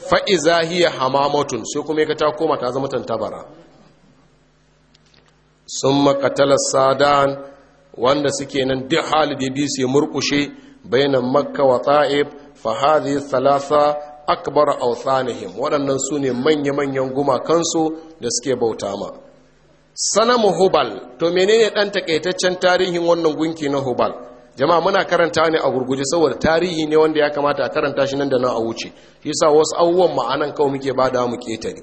fa'iza hiya hamamatun sai kuma ya ta koma ta zama tantabara sun makatalar sadan wanda suke nan duk halid ya bi su ya murkushe bayanan makka wa ta'ib fa salasa thalatha akbar authanihim waɗannan su ne manya-manyan gumakansu da suke bauta ma sanamu hubal to menene dan takaitaccen tarihin wannan gunki na hubal jama'a muna karanta ne a gurguje saboda tarihi ne wanda ya kamata a karanta shi nan da nan a wuce shi yasa wasu abubuwan ma'anan kawai muke bada mu ketare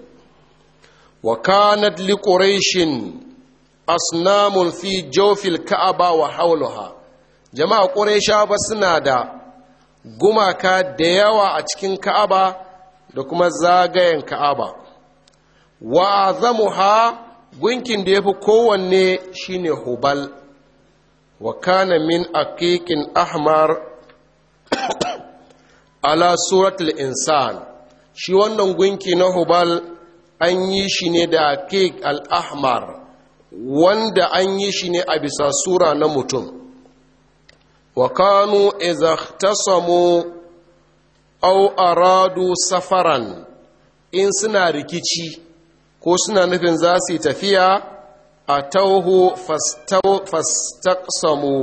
wa kanat li quraishin asnamun fi jawfil ka'aba wa hawlaha jama'a quraisha ba suna da gumaka da yawa a cikin ka'aba da kuma zagayen ka'aba wa azamuha gunkin da ya fi kowanne shi ne hubal wa kana min aqiqin ahmar (coughs) ala suratul insan shi wannan gunki na hubal an yi shi ne da aqiq al-ahmar wanda an yi shi ne a bisa sura na mutum wa kanu idza aw aradu safaran in suna rikici ko suna nufin za su yi tafiya a tauhu fastaqsamu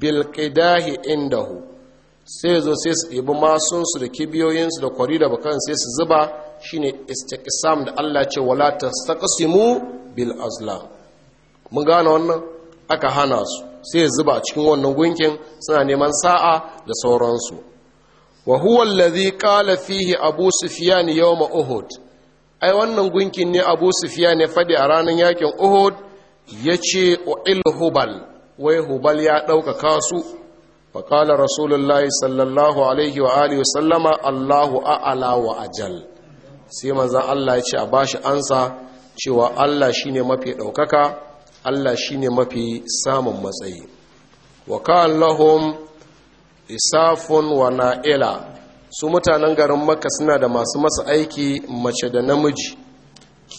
bilqidahi indahu sai zo sai su ibi masunsu da kibiyoyinsu da kwari da bakan sai su zuba shine istiqsam da Allah ce wala tastaqsimu bil azlam mun gane wannan aka hana su sai zuba cikin wannan gunkin suna neman sa'a da sauransu wa huwa allazi qala fihi abu sufyan yawma uhud ai wannan gunkin ne abu sufiya ne faɗi a ranar yakin uhud ya ce o'il hubal wai hubal ya ɗaukaka su faƙala rasulullahi sallallahu alaihi wa alihi sallama allahu a'ala wa ajal sai manzan allah ya ce a ba shi ansa cewa allah shi ne mafi ɗaukaka allah shi ne mafi samun matsayi wa lahum isafun wa na'ila su mutanen garin makka suna da masu masa aiki mace da namiji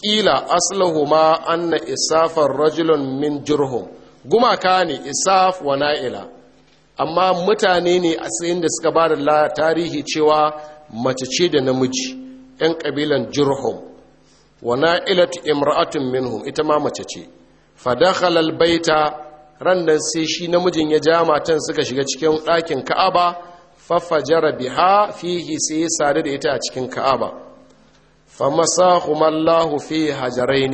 ƙila aslahuma anna isafar rajulun min jurhum gumaka ne isaf wa na'ila amma mutane ne a tsayin da suka ba da tarihi cewa mace ce da namiji 'yan ƙabilan jurhum wa na'ilatu imra'atun minhum ita ma mace ce fadakhalal baita ran nan sai shi namijin ya ja matan suka shiga cikin ɗakin ka'aba fafajara biha fihi sai sadu da ita a cikin ka'aba famasahum Allahu fi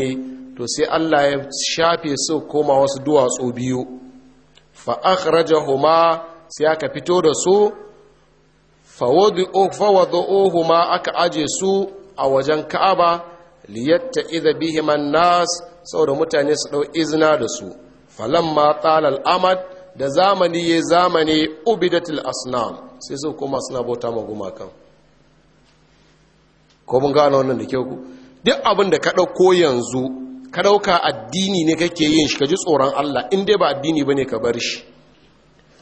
ne to sai Allah ya shafe su koma wasu duwatsu biyu fa akhrajahuma sai aka fito da su fawadu'uhuma aka aje su a wajen ka'aba liyatta idha bihim nas saboda mutane su dau izina da su falamma talal amad da zamani ya zamani ubidatul asnam sai su koma suna bauta ma gumakan ko mun gano wannan da kyau ku duk abin da ka ɗauko yanzu ka ɗauka addini ne kake yin shi ka ji tsoron Allah in dai ba addini bane ka bar shi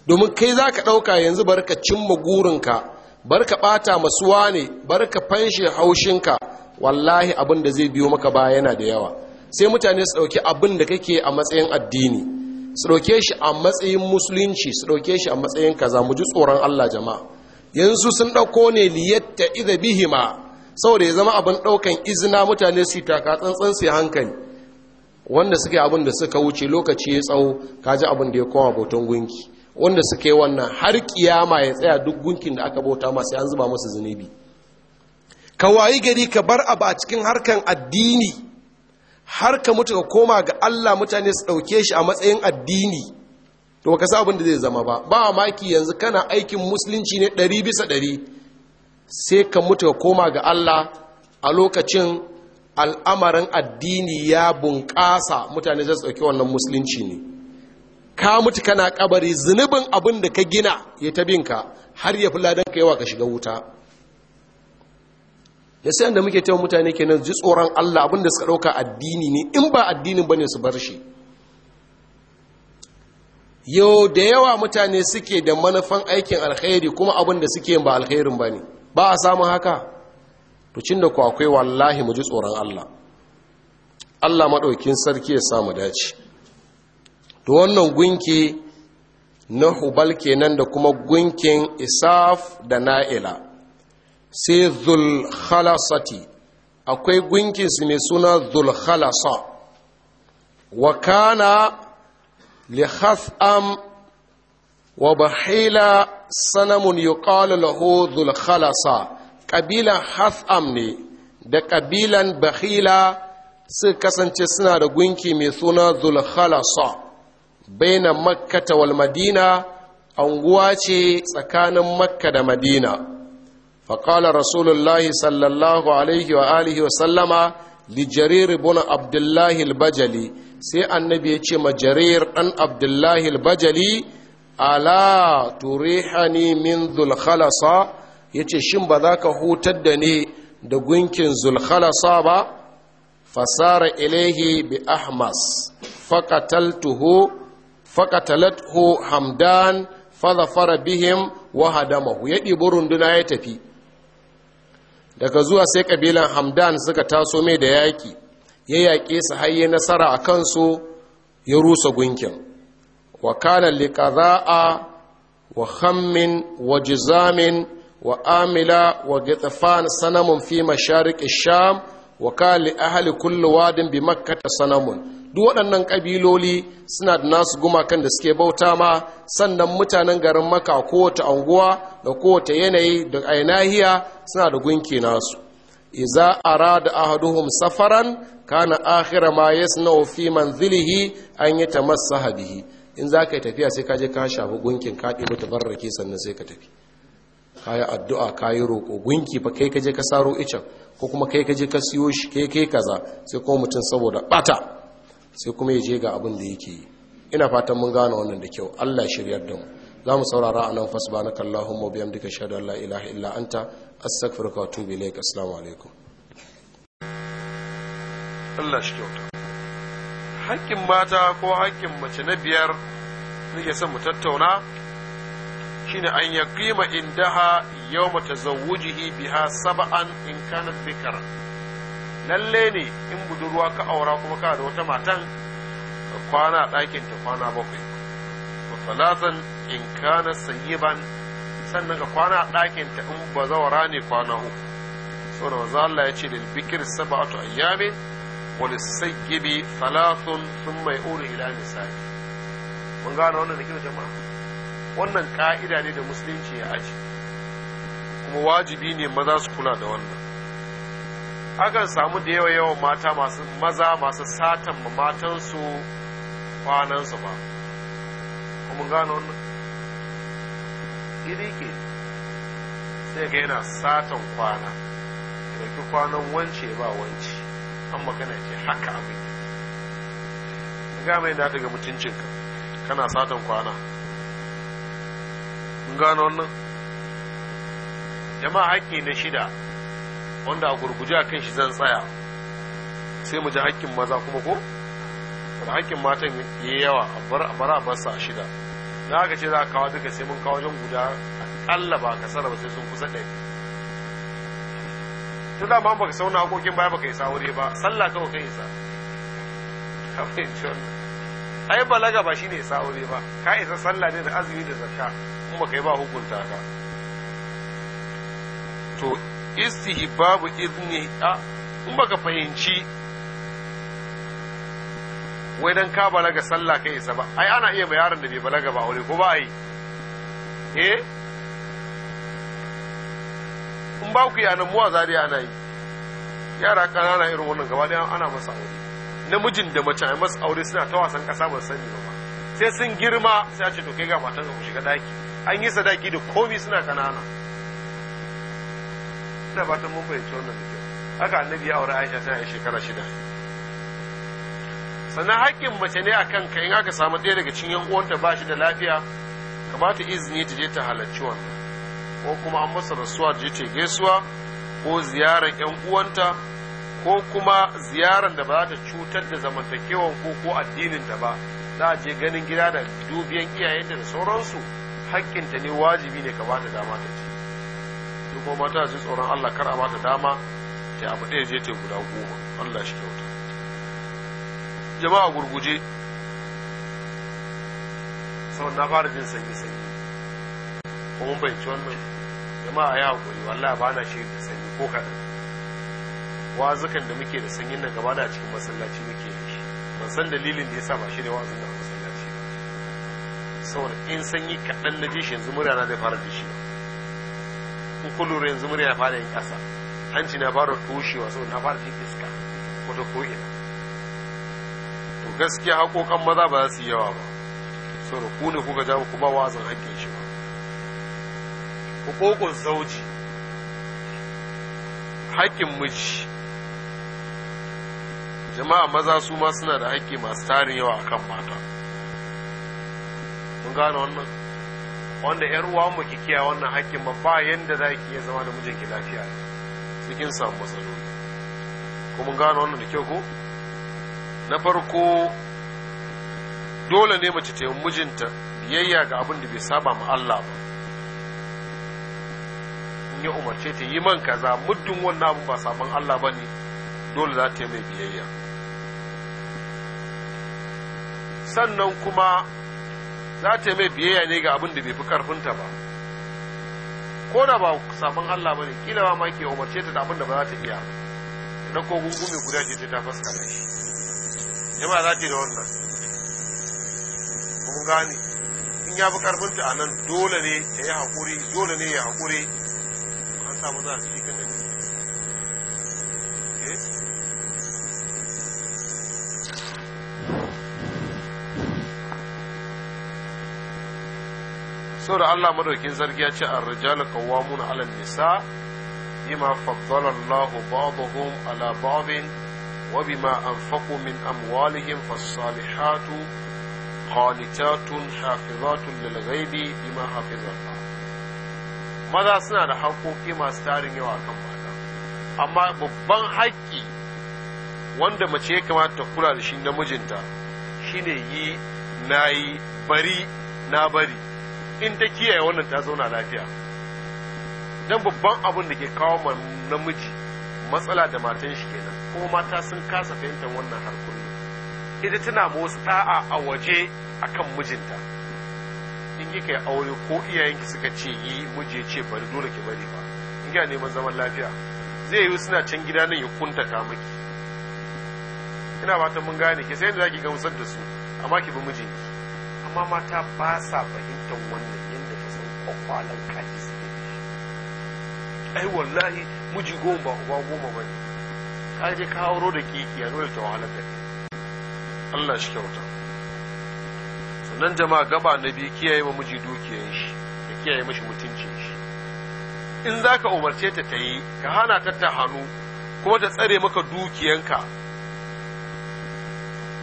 domin kai za ka ɗauka yanzu bar ka cimma gurinka bar ka ɓata masuwa ne barka ka fanshe haushinka wallahi abin da zai biyo maka baya yana da yawa sai mutane su ɗauki abin da kake a matsayin addini su shi a matsayin musulunci su shi a matsayin kaza mu ji tsoron Allah jama'a yanzu sun ɗauko ne liyatta iza bihima saboda ya zama abin ɗaukan izina mutane su taka tsantsan su hankali wanda suke abin da suka wuce lokaci ya tsawo kaji abin da ya koma boton gunki wanda suke wannan har kiyama ya tsaya duk gunkin da aka bauta masu an zuba masu zunubi ka wayi gari ka bar abu a cikin harkan addini har ka mutu ka koma ga Allah mutane su ɗauke shi a matsayin addini to ka sa abin da zai zama ba ba maki yanzu kana aikin musulunci ne ɗari bisa ɗari sai ka mutu ka koma ga Allah a lokacin al'amarin addini ya bunƙasa mutane zai ɗauki wannan musulunci ne ka mutu kana kabari zunubin abin da ka gina ya tabinka har ya fi ladan ka yawa ka shiga wuta Da sai da muke tawa mutane kenan ji tsoron Allah abinda suka ɗauka addini ne in ba addinin ne su bar shi yau da yawa mutane suke da manufan aikin alkhairi kuma abinda suke ba alkhairin ne, ba a samun haka to cin da kwakwai wallahi mu ji tsoron Allah Allah maɗaukin sarki ya samu dace to wannan gunki na hubal kenan da kuma gunkin isaf da na'ila sai zulhalasati akwai gunkinsu mai suna zulhalasa wa kana lihatham wa bahila sanamun yuqalu lahu zulhalasa ƙabilan hatham ne da ƙabilan bahila su kasance suna da gunki mai suna zulhalasa baina Makkatawal wal madina anguwa ce tsakanin makka da madina فقال رسول الله صلى الله عليه وآله وسلم لجرير بن عبد الله البجلي سي النبي يتشم جرير أن عبد الله البجلي ألا تريحني من ذو الخلصة يتشي شم بذاك هو تدني دقوينكن ذو الخلصة با فسار إليه بأحمس فقتلته فقتلته حمدان فظفر بهم وهدمه يدي برندنا يتفي daga zuwa sai kabilan hamdan suka taso mai da yaƙi ya yaƙe su haye nasara a kansu ya rusa gunkin wa kana za'a, wa khammin wa jizamin wa amila wa gitafan sanamun fi mashariq sham wa kali ahli kullu wadin bi makkata sanamun duk waɗannan ƙabiloli suna da nasu gumakan da suke bauta ma sannan mutanen garin maka kowace anguwa da kowace yanayi da ainahiya suna da gunki nasu iza arada ahaduhum safaran kana akhira ma yasna'u fi manzilihi an yatamassaha bihi in za ka yi tafiya sai ka je ka shafi gunkin ka ɗebo tabarrake sannan sai ka tafi kayi addu'a kayi roƙo gunki fa kai kaje ka saro icen ko kuma kai kaje ka siyo shi kai kai kaza sai kuma mutum saboda bata sai kuma ya je ga abin da yake yi ina fatan mun gane wannan da kyau Allah shiryar da mu za mu saurara a nan fasbanaka Allahumma bihamdika shahadu an la ilaha illa anta astaghfiruka wa atubu ilaik assalamu alaikum Allah shi kyauta mata ko haƙƙin mace na biyar ya san mu tattauna shine an ya kima indaha yau mata zawujihi biha saba'an in kana bikara lalle ne in budurwa ka aura kuma ka da wata matan kwana ɗakin ta kwana bakwai wa salasan in kana sayyiban sannan ka kwana ɗakin ta in ba zawara ne kwana uku da manzo Allah ya ce lil bikir sab'atu ayyamin wa lis sayyibi salasun thumma ya'ulu ila nisa'i mun gane wannan da kina jama'a wannan ka'ida ne da musulunci ya aji kuma wajibi ne maza su kula da wannan akan samu da yawa yawan mata masu maza masu satan matansu kwanansu ba kuma gano wannan iri ke sai ga yana satan kwana ɗauki kwanan wance ba wance an magana ke haka abin ga mai na daga mutuncinka kana satan kwana mun gano wannan jama'a haƙƙi na shida wanda a gurguje a kan shi zan tsaya sai mu ji haƙƙin maza kuma ko da haƙƙin matan ya yi yawa a bar a barsa a shida da aka ce za a kawo duka sai mun kawo wajen guda aƙalla ba ka sarrafa sai sun kusa ɗari ta dama ba ka sauna haƙoƙin baya ba ka isa wuri ba sallah kawai ka isa ai balaga ba shi ne isa wuri ba ka isa sallah ne da azumi da zakka kuma baka yi ba hukunta ka to istihbabu izni a in baka fahimci wai dan ka balaga sallah kai isa ba ai ana iya yaron da bai balaga ba aure ko ba ai eh in ba ku yana muwa zari ana yi yara kanana irin wannan gaba ɗaya ana masa aure namijin da mace a masa aure suna ta wasan ƙasa ba sani ba sai sun girma sai a ce to kai ga matan ka ku shiga daki an yi sadaki da komi suna kanana da ta mun fahimci wannan da haka annabi ya aure aisha tana yi shekara shida sannan haƙƙin mace ne a ka in aka samu ɗaya daga cikin uwanta ba shi da lafiya ka ba ta izini ta je ta halarci wannan ko kuma an masa rasuwa ta je ta gaisuwa ko ziyarar ƴan uwanta ko kuma ziyarar da ba za ta cutar da zamantakewan ko ko addinin ta ba za a je ganin gida da dubiyan iyayenta da sauransu hakkinta ne wajibi ne ka ba ta dama ta ci duk kuma mata ji tsoron Allah kar a ba ta dama ta abu ɗaya je ta guda goma Allah shi kyauta jama'a gurguje sau na fara jin sanyi sanyi ko mun bayyana wannan jama'a ya hakuri wallahi ba na shi da sanyi ko kaɗan wazukan da muke da sanyin nan gaba da cikin masallaci muke yi ban san dalilin da yasa ba shi da wazuna. da saboda in sanyi kaɗan na jishi yanzu murya na zai fara jishi in kullum yanzu murya na fara yin ƙasa hanci na fara tushewa saboda na fara jin iska wata ko'ina to gaskiya haƙoƙan maza ba za su yi yawa ba saboda ku ne kuka ja ku ba haƙƙin shi ba hukukun zauji haƙƙin miji jama'a maza su ma suna da haƙƙi masu tarin yawa akan mata mun gane wannan wanda yar uwa mu ki kiyaye wannan hakkin ba ba yanda za ki iya zama da mijinki lafiya cikin samu matsaloli ko mun gane wannan da kyau ko na farko dole ne mace ta mijinta biyayya ga abin da bai saba ma Allah ba in ya umarce ta yi man kaza muddin wannan abu ba saban Allah ba ne dole za ta yi mai biyayya sannan kuma za ta yi mai biyayya ne ga abin da bai fi karfinta ba ko da ba sabon Allah ba ne kila ba ma ke umarce ta da abin da ba za ta iya idan ko gungume guda ce ta da shi jama'a za ta yi da wannan kun gane in ya fi karfinta a nan dole ne ya yi haƙuri dole ne ya haƙuri an samu za a cikin da saboda Allah madaukin zargi ya ce ar rijal qawwamun 'ala an-nisa bima faddala Allahu ba'dahum 'ala ba'din wa bima anfaqu min amwalihim fas-salihatu qanitatun hafizatun lil-ghaibi bima hafiza Allah maza suna da haƙoƙi masu tarin yawa kan mata amma babban haƙƙi wanda mace ya kamata ta kula da shi namijinta shine yi nayi bari na bari in ta kiyaye wannan ta zauna lafiya dan babban abin da ke kawo ma namiji matsala da matan shi kenan kuma mata sun kasa fahimtar wannan har ita tana ma wasu a waje akan mijinta in kika yi aure ko iyayenki suka ce yi muje ce bari dole ki bari ba in kina neman zaman lafiya zai yi suna can gida nan ya kuntata miki ina fatan mun gane ki sai da zaki gamsar da su amma ki bi mijinki amma mata ba sa fahimtar wannan yadda ta san kwakwalan kaji su ne ai wallahi muji goma ba uba goma ba ne ka je ka hauro da kiki a zoye ta wahalar da ke. Allah shi kyauta sannan jama'a gaba na biyu kiyaye ma muji dukiyar shi da kiyaye mashi mutuncin shi in za ka umarce ta ta yi ka hana ta ta hannu kuma ta tsare maka dukiyanka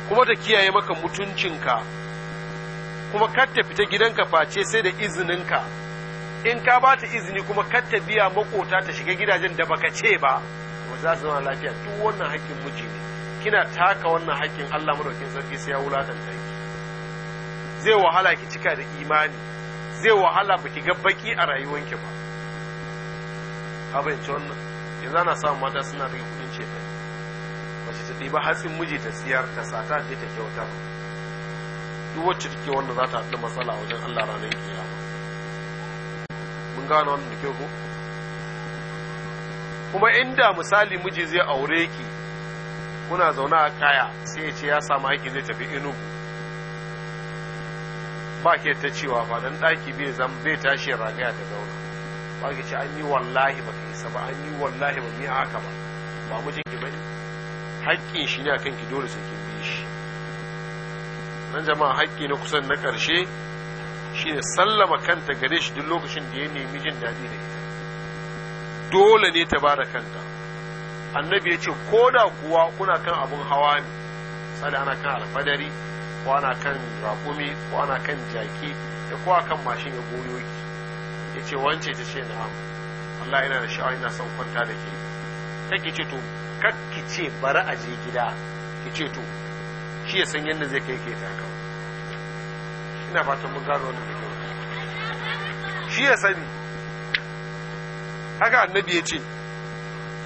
kuma ta kiyaye maka mutuncinka kuma kar ta fita gidanka face sai da izininka in ka ba ta izini kuma kar biya makota ta shiga gidajen da baka ce ba ba za su zama lafiya duk wannan hakkin muji ne kina taka wannan hakkin Allah madaukin sarki sai ya wulatanta ki zai wahala ki cika da imani zai wahala baki ga baki a rayuwanki ba abin ci wannan yanzu ana samun mata suna rage kudin ce mace ta ɗiba hatsin miji ta siyar ta sata ta kyauta ba duk wacce take wanda za ta haɗu matsala wajen Allah ranar kiyama mun gano wannan ke ko kuma inda misali miji zai aure ki kuna zaune a kaya sai ya ce ya samu aiki zai tafi inugu ba ke ta cewa ba dan ɗaki bai zan bai tashi ragaya ta zauna ba ke ce an yi wallahi ba ka isa ba an yi wallahi ba mu haka ba ba mijin ki bane haƙƙin shi ne akan ki dole sai ki nan jama'a haƙƙi na kusan na ƙarshe shi ne sallama kanta gare shi duk lokacin da ya nemi jin daɗi da ita dole ne ta bada kanta annabi ya ce ko da kuwa kuna kan abin hawa ne misali ana kan alfadari ko ana kan raƙumi ko ana kan jaki da kowa kan mashin ya goyo ki ya ce wance ta ce amu Allah yana da sha'awa yana son kwanta da ke take ce to kakki ce bari a je gida ki ce to shi ya san yadda zai kai ke ta haka ina fatan mun gano wanda da shi ya sani haka annabi ya ce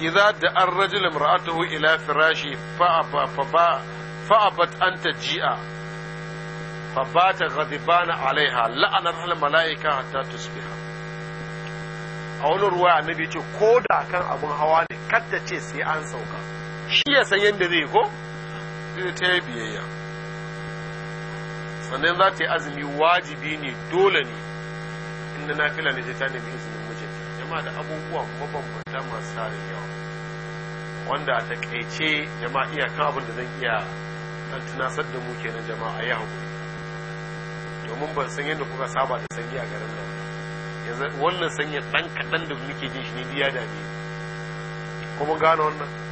idza da an rajul imra'atuhu ila firashi fa fa fa'abat an taji'a fa bata ghadibana alaiha la'anar hal mala'ika hatta tusbiha a wani ruwa annabi ya ce ko da kan abun hawa ne kadda ce sai an sauka shi ya san yadda zai ko biyu ta yi biyayya sannan za ta yi azumi wajibi ne dole ne inda na fila ne ta nemi izinin mijinta jama'a da abubuwa mabambanta masu tarin yawa wanda a takaice jama'a kan abin da zan iya dan tunasar da mu kenan jama'a ya haƙuri domin ban san yadda kuka saba da sanyi a garin nan wannan sanyi dan kaɗan da muke jin shi ne biya da ne kuma gane wannan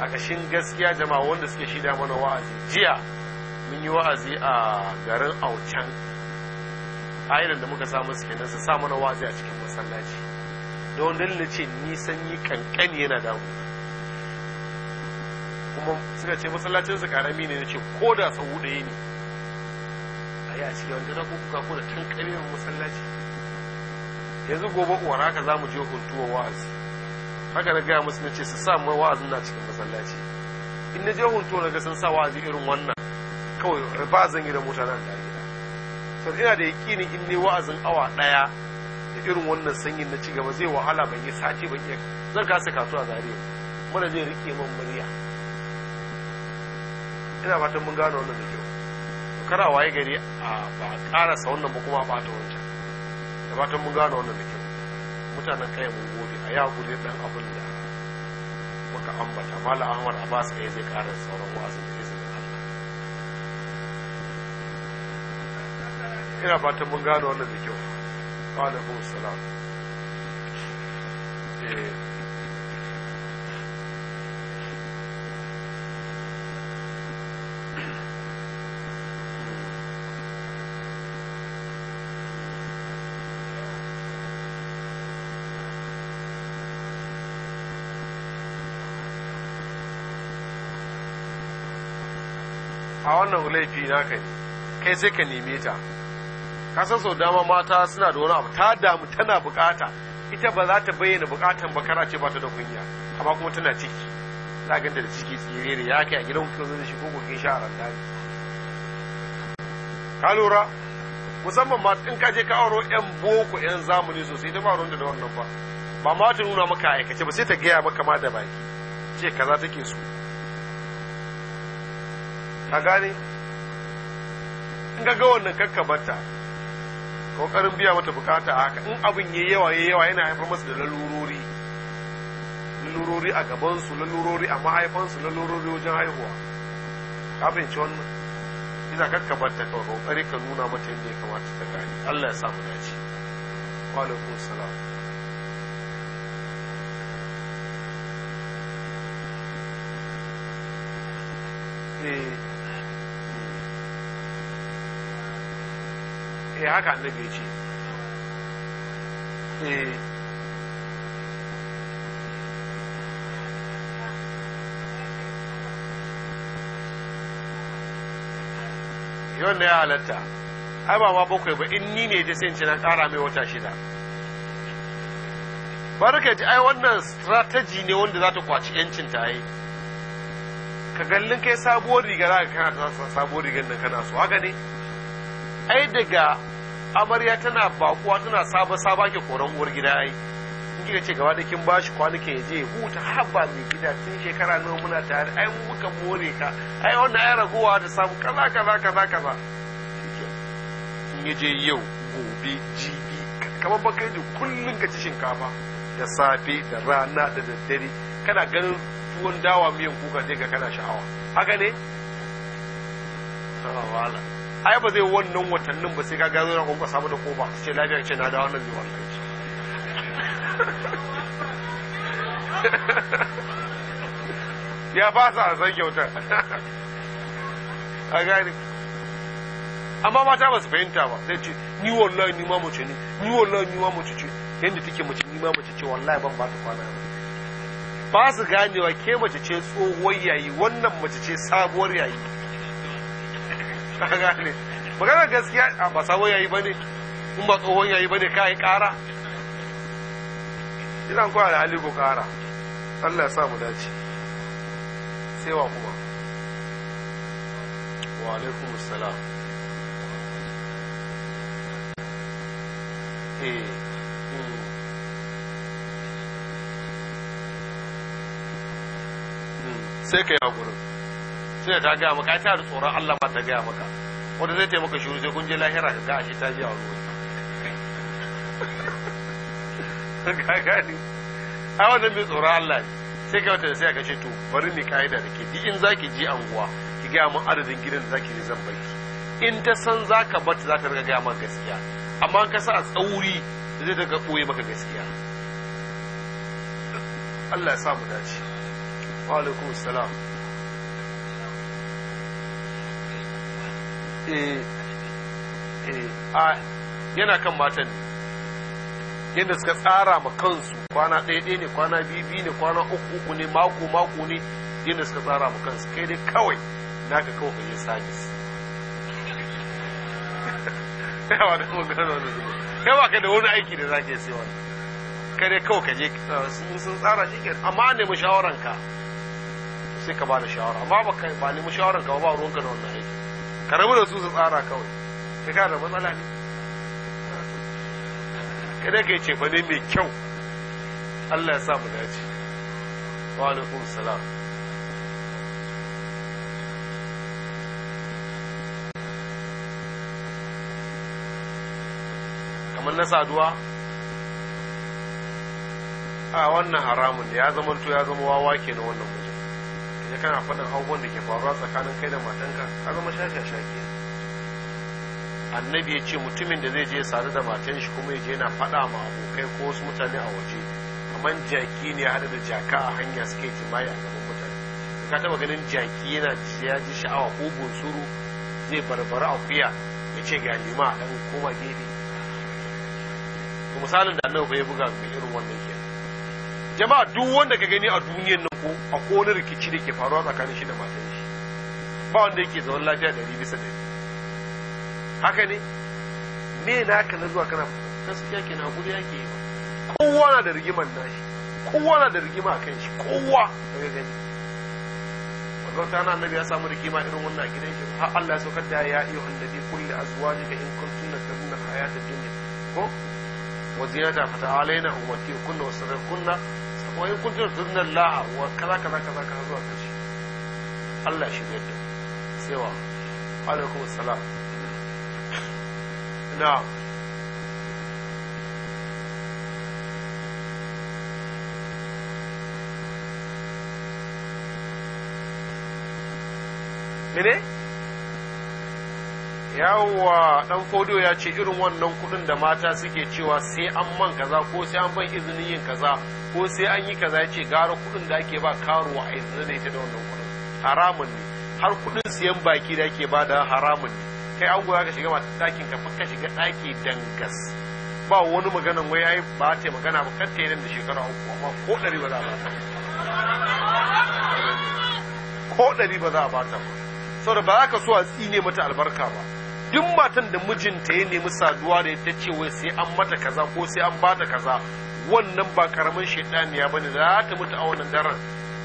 a kashin gaskiya jama'a wanda suke shida mana wa'azi jiya mun yi wa'azi a garin aucan ayyukan da muka samu suke nan su sa mana wa'azi a cikin masallaci da wanda na ce nisan yi kankani yana damu kuma suka ce masallacin su karami ne na ce ko da sau ɗaya ne a yi a cikin wanda na kuka ko da kankani masallaci yanzu gobe uwar haka za mu je huntuwa wa'azi haka na gaya musu na ce su sa mai wa'azin na cikin masallaci in na je hunto na ga sun sa wa'azi irin wannan kawai riba zan yi da mutanen da gida so ina da yakinin in ne wa'azin awa daya da irin wannan sanyin na cigaba zai wahala ban yi sati ban iya zan kasa kasuwa zare mana zai rike man murya ina fatan mun gano wannan da kyau kada waye gari a ba karasa wannan ba kuma ba ta wancan da fatan mun gano wannan da kyau mutanen kai mun gode a ya guri dan abin da muka ambata mala ahmad abbas ɗaya eh, zai ƙara sauran wasu da izinin allah ina fatan mun gano wannan da kyau wa alaikum salam eh wannan laifi na kai kai sai ka neme ta ka san sau dama mata suna da wani abu ta damu tana bukata ita ba za ta bayyana bukatan ba kara ce ba ta da kunya amma kuma tana ciki za ganta da ciki tsire da ya kai a gidan kuka zai shi ko kuka sha a randani ka lura musamman ma in ka je ka auro yan boko yan zamani sosai ta ba ruwan da wannan ba ba ma ta nuna maka aikace ba sai ta gaya maka ma da baki ce kaza take so a gane in ga ga wannan kakkabarta kokarin biya mata bukata haka in abin yi yawa yayi yawa yana haifar masu da lalurori lalurori a gaban su lalurori a mahaifansu su lalurori wajen haihuwa ka ci wannan ina kakkabarta ka kokari ka nuna mata yadda ya kamata ta gane Allah ya samu dace wa alaikum salam eh. sai haka annabi ya ce eh. yawan da ya halatta ai ba ma bakwai ba in ni ne ji sai ci na kara mai wata shida barka ji ai wannan strategy ne wanda za ta kwaci yancin ta yi ka gallin kai sabuwar riga za ka kana sabuwar rigar da kana so haka ne ai daga amarya tana bakuwa tana saba saba ke koran uwar gida ai in kika ce gaba da kin bashi kwanaki ya je huta ba mai gida tun shekara nawa muna tare ai muka more ka ai wannan ai ragowa da samu kaza kaza kaza kaza in ya je yau gobe jibi kamar bakar da kullum ka ci shinkafa da safe da rana da daddare kana ganin tuwon dawa miyan kuka je ga kana sha'awa haka ne? Sallallahu ai ba zai wannan watannin ba sai ka gazo na kuma samu da koba ce lafiya ce na da wannan zai wallahi ya su a san kyauta a gani. amma mata ba su fahimta ba sai ce ni wallahi ni ma mace ne ni wallahi ni ma mace ce yadda take mace ni ma mace ce wallahi ban ba ta kwana ba ba su ganewa ke mace ce tsohuwar yayi wannan mace ce sabuwar yayi gane magana gaskiya a ba sabon yayi bane in ba tsohon yayi bane ka yi ƙara ina kuwa da aliko kara ƙara Allah ya sa mu dace sai wa kuma wa alaikum salam eh, hmm. hmm. sai ka yi gurin. sai ta gaya maka ta da tsoron Allah ba ta gaya maka wanda zai taimaka shi sai kun je lahira ka ga shi ta biya wani (laughs) ka gani a wannan mai tsoron Allah ne sai ka wata sai ka ce to bari ni ka'ida da ke duk in zaki je anguwa ki gaya mun adadin gidan da zaki je zan ki in ta san zaka bar ta zaka riga gaya maka gaskiya amma ka sa tsauri zai daga ɓoye maka gaskiya (laughs) Allah ya sa mu dace wa alaikum salam Eh, eh a yana kan matan ne yadda suka tsara ma kansu kwana ɗaya ɗaya ne kwana biyu biyu ne kwana uku uku ne mako mako ne yadda suka tsara ma kansu kai dai kawai na kawai ka yi sajis (laughs) yawa da wani kai ka da wani aiki da zaka yi sai wani kai dai kawai ka je sun tsara shi kenan amma ne mu shawaran ka sai ka ba da shawara amma ba ne mu shawaran ka ba ruwanka da wannan aiki ka rabu da su su tsara kawai ka ga da matsala ne kada ka ce fa ne mai kyau Allah ya sa mu dace wa alaikum salam kamar na saduwa a wannan haramun ya zama to ya zama wawa kenan wannan ji kana faɗin abubuwan da ke faruwa tsakanin kai da matanka ka zama shashin shaki annabi ya ce mutumin da zai je sadu da matan shi kuma ya je yana faɗa ma abokai ko wasu mutane a waje kamar jaki ne ya haɗa da jaka a hanya suke jima'i a gaban mutane ka taɓa ganin jaki yana ya ji sha'awa ko bunsuru zai barbara akuya ya ce ga lima a ɗan koma gefe misalin da annabi ya buga mai irin wannan ke jama'a duk wanda ka gani a duniyar nan ko a kone rikici da ke faruwa tsakanin shi da matan shi ba wanda yake zaman lafiya ɗari bisa ɗari haka ne me na ka na zuwa kana gaskiya ke na guri yake yi ba kowa na da rigimar nashi kowa na da rigima a kan shi kowa daga gani wannan na annabi ya samu rigima irin wannan a gidan shi har Allah ya saukar da ya iya ga kulli azwajika in kuntunna kaya ta duniya ko wa ziyada fata'alaina ummati kunna wasarrakunna wai in kuntum tunna Allah wa kaza kaza kaza kaza zuwa kashi Allah shi da yadda sai wa alaikum assalam na Mene? yawwa dan fodo ya ce irin wannan kudin da mata suke cewa sai an man kaza ko sai an ban izinin yin kaza ko sai an yi kaza ya ce gara kuɗin da ake ba karo a yanzu da ita da wannan kuɗin haramun ne har kuɗin siyan baki da ake ba da haramun ne kai an goya ka shiga masu ɗakin ka ka shiga ɗaki dangas ba wani magana wai ai ba ta magana ba kar ta yi nan da shekara uku amma ko ɗari ba za a bata ko ɗari ba za a bata ba saboda ba za ka so a tsine mata albarka ba duk matan da mijinta ya nemi saduwa da ta ce wai sai an mata kaza ko sai an bata kaza wannan ba karamin shaidaniya bane za ta mutu a wannan daren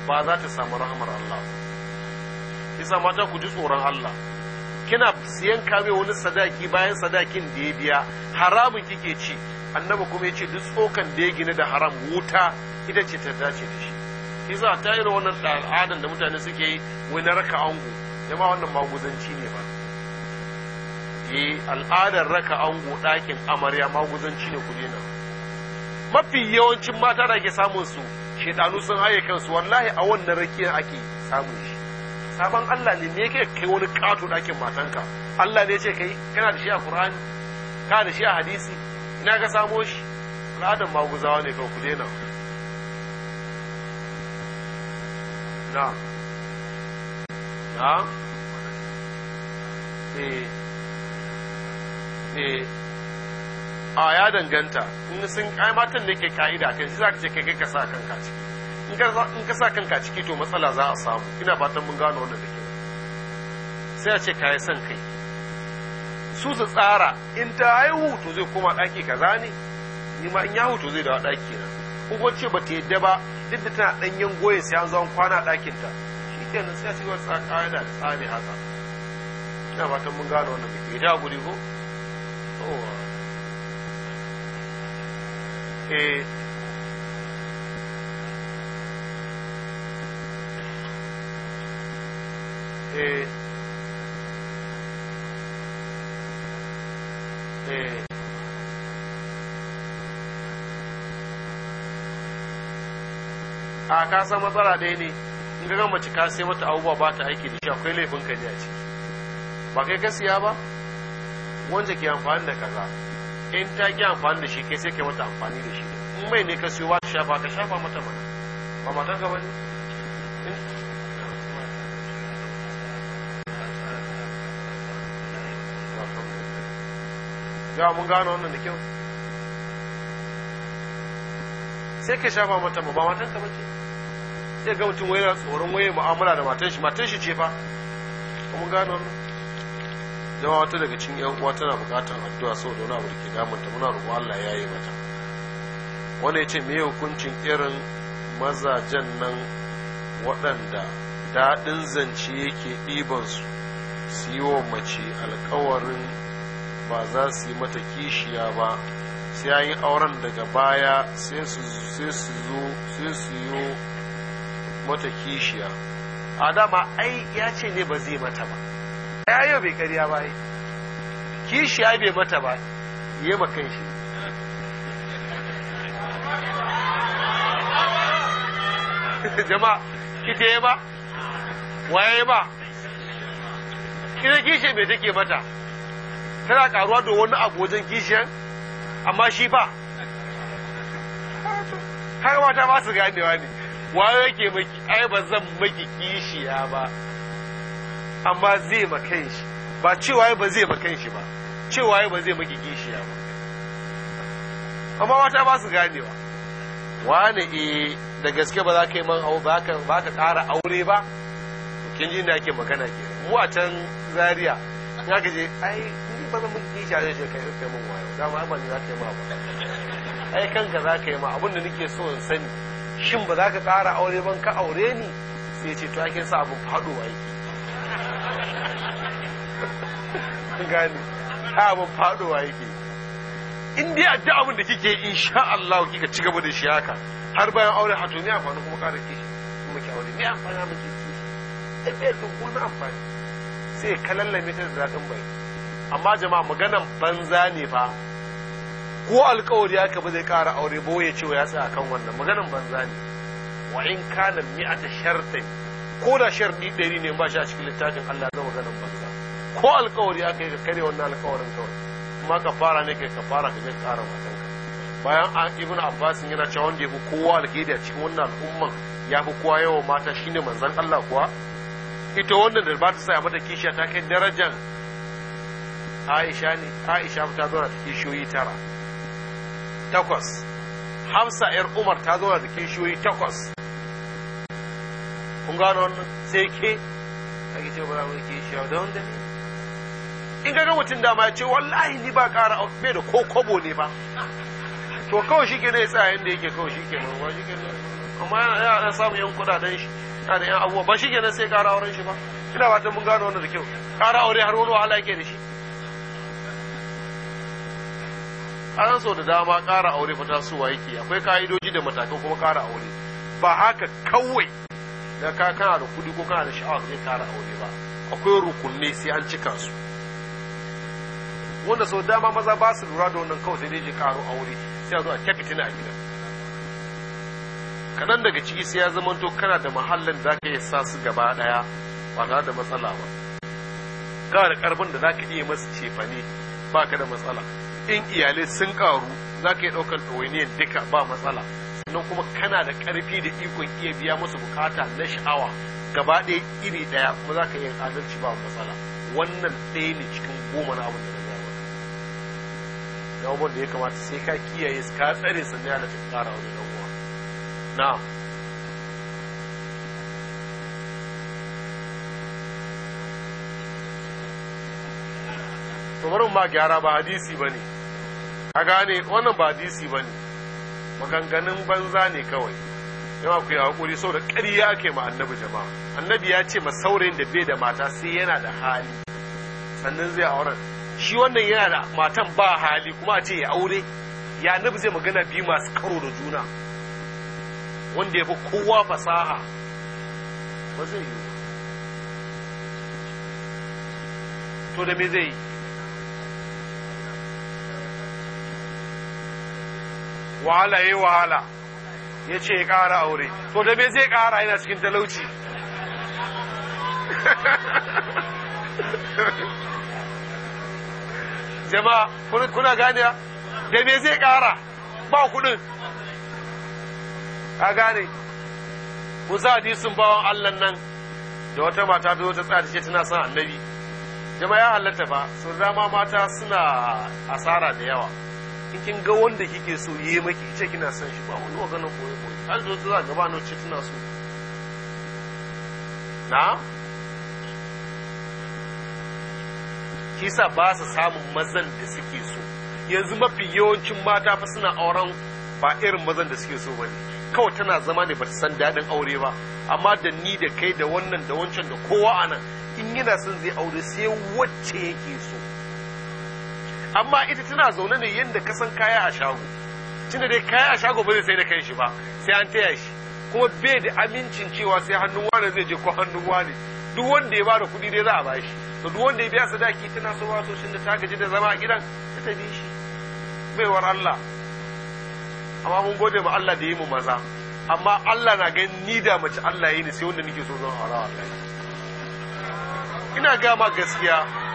ba za ta samu rahamar Allah yasa mata ku ji tsoron Allah kina siyan kame wani sadaki bayan sadakin da ya biya haramun kike ci annabi kuma ya ce duk tsokan da ya gina da haram wuta ita ce ta dace da shi Isa ta irin wannan al'adan da mutane suke yi wani raka ango jama wannan maguzanci ne ba eh al'adar raka ango ɗakin amarya maguzanci ne ku dena mafi yawancin mata da ke samun su shaidanu sun haye kansu wallahi a wannan rakiyar ake samun shi sabon Allah ne ne yake kai wani kato dakin matanka Allah ne ce kai kana da shi a Qur'ani kana da shi a hadisi ina ka samo shi al'adan maguzawa ne kawai ku daina na na eh eh a ya danganta in sun ai matan da ke ka'ida kai shi za ka ce kai ka sa kanka ciki in ka sa kanka ciki to matsala za a samu ina fatan mun gano wannan da ke sai a ce ka yi son kai su su tsara in ta haihu to zai koma daki kaza ne ni ma in ya to zai dawo daki na ko ce ba ta yadda ba duk da tana ɗanyen goyen sai an zo an kwana dakin ta shi ke nan sai a cigaba da tsaka da tsari haka ina fatan mun gano wannan da ke ta guri ko Eh, eh a ka san matsala ɗaya ne in ga mace ka sai mata abubuwa ba ta aiki da shi akwai laifin ka ne a ciki ba kai gasiya ba wanda ke amfani da kaza in ta ki amfani da shi kai sai kai mata amfani da shi in mai ne ka siyo ba ta shafa ka shafa mata ba ba matan ka bane hmm? yawa mun gano wannan da kyau sai ka shafa mata ba matan ka bace sai ga mutum wai tsoron waye mu'amala da matan shi matan shi ce fa mun gano wannan zama wata daga cikin yan uwa tana bukatar addu'a saboda wani abu da ke damunta muna roƙon Allah ya yi mata wani ya ce me hukuncin irin mazajen nan waɗanda daɗin zance yake ɗiban su su yi wa mace alkawarin ba za su yi mata kishiya ba sai yi auren daga baya sai su zo sai su yi mata kishiya a dama ai ya ce ne ba zai mata ba ya yau bai karya ba yi kishi ya bai mata ba yi ma kan shi (laughs) jama kita ya ba waye ba kira kishi mai take mata tana karuwa da wani abu wajen amma shi ba har mata ba su ganewa ne waye yake maki ai ba zan maki kishiya ba amma zai makan shi ba cewa ba zai makan shi ba cewa ba zai maki kishiya ba amma wata ba su ganewa wane e da gaske ba za ka yi man hau ba ka ƙara aure ba kin ji da ake magana ke mu a can zaria ya ka je ai ni ba zan maki a zai shekai ya kai mun wayo dama ba ne za ka yi ma ba ai kanka za ka yi ma abin da nake so in sani shin ba za ka ƙara aure ban ka aure ni sai ce to ake sa abin faɗo aiki gani abin faɗowa yake in dai adda abin da kike sha Allah kika ci gaba da shi haka har bayan aure hato ne amfani kuma ƙara kishi kuma ki aure ne amfani mu ke kishi ɗaya to na amfani sai ka lallame ta da zaɗin bai amma jama'a maganan banza ne fa ko alkawari ya ba zai ƙara aure ba ya ce ya tsaya kan wannan maganan banza ne wa in kana mi'ata shartai. ko da sharɗi ɗari ne ba shi a cikin littafin Allah ga maganar banza ko alkawari aka yi ka kare wannan alkawarin kawai kuma ka fara ne kai ka fara ka je ƙara matanka bayan an ibn abbas yana cewa wanda ya fi kowa alheri a cikin wannan al'umma ya fi kowa yawan mata shine manzon Allah kuwa ita wannan da ba ta sa mata kishiya ta kai darajar Aisha ne Aisha ta zauna da kishiyoyi tara takwas Hamsa ‘yar Umar ta zauna da kishiyoyi takwas kun wannan sai ke ake ce ba ke shi da wanda in ga mutum dama ya ce wallahi ni ba ƙara bai da ko kobo ne ba to kawai shi ke ne tsaya inda yake kawai shi ke nan ba shi ke nan amma yana da samun yan kudaden shi yana da yan abubuwa ba shi ke nan sai ƙara auren shi ba ina ba mun gano wannan da kyau ƙara aure har wani wahala yake da shi an so da dama ƙara aure fa tasowa yake akwai ka'idoji da matakan kuma ƙara aure ba haka kawai da ka kana da kuɗi ko kana da sha'awa zai kara aure ba akwai rukunne sai an cika su wanda sau dama maza ba su lura da wannan kawai sai dai je karo aure sai a zo a kyakatina a gida. kaɗan daga ciki sai ya zama to kana da mahallin da ka yi sa su gaba ɗaya ba tare da matsala ba kana da ƙarfin da za iya masu cefane ba ka da matsala in iyalai sun ƙaru za ka iya ɗaukar ɗawainiyar duka ba matsala sannan kuma kana da karfi da ikon iya biya musu bukata na sha'awa gaba ɗaya iri ɗaya kuma za ka yi adalci ba matsala wannan ɗaya ne cikin goma na abin da na gaba da da ya kamata sai ka kiyaye ka tsare sannan yana cikin ƙara wani ɗan uwa na to ma gyara ba hadisi ba ne a gane wannan ba hadisi ba ne maganganun banza ne kawai yawa ku yi kuri sau da ƙarya ake ma annabi jama'a annabi ya ce ma saurayin da bai da mata sai yana da hali sannan zai auren shi wannan yana da matan ba hali kuma a ce ya aure ya annabi zai magana biyu masu karo da juna wanda ya fi kowa fasaha ba zai yi to da me zai yi wahala ya eh, yi wahala ya ce ya ƙara aure to da me zai ƙara yana cikin talauci (laughs) jama'a kuna gane da me zai ƙara ba kuɗin a gane ku za hadisin bawan allah nan da wata mata ta zo ta ce tana son annabi jama'a ya halatta ba sun dama mata suna asara da yawa in kin ga wanda kike so yi maki ce kina son shi ba wani maganin koyi koyi an zo zuwa gaba na ce tuna so na kisa ba su samun mazan da suke so yanzu mafi yawancin mata fa suna auren ba irin mazan da suke so bane kawai tana zama ne ba ta san daɗin aure ba amma da ni da kai da wannan da wancan da kowa anan in yana son zai aure sai wacce yake so amma ita tana zaune ne yadda kasan kaya a shago tunda dai kaya a shago ba zai sai da kan shi ba sai an taya shi kuma bai da amincin cewa sai hannun wani zai je ko hannun wani duk wanda ya bada kuɗi dai za a bashi to duk wanda ya biya sadaki tana so wato shin da ta gaji da zama a gidan ta bi shi baiwar Allah amma mun gode ma Allah da yi mu maza amma Allah na ganin ni da mace Allah yi ni sai wanda nake so zan aura Allah ina ga gaskiya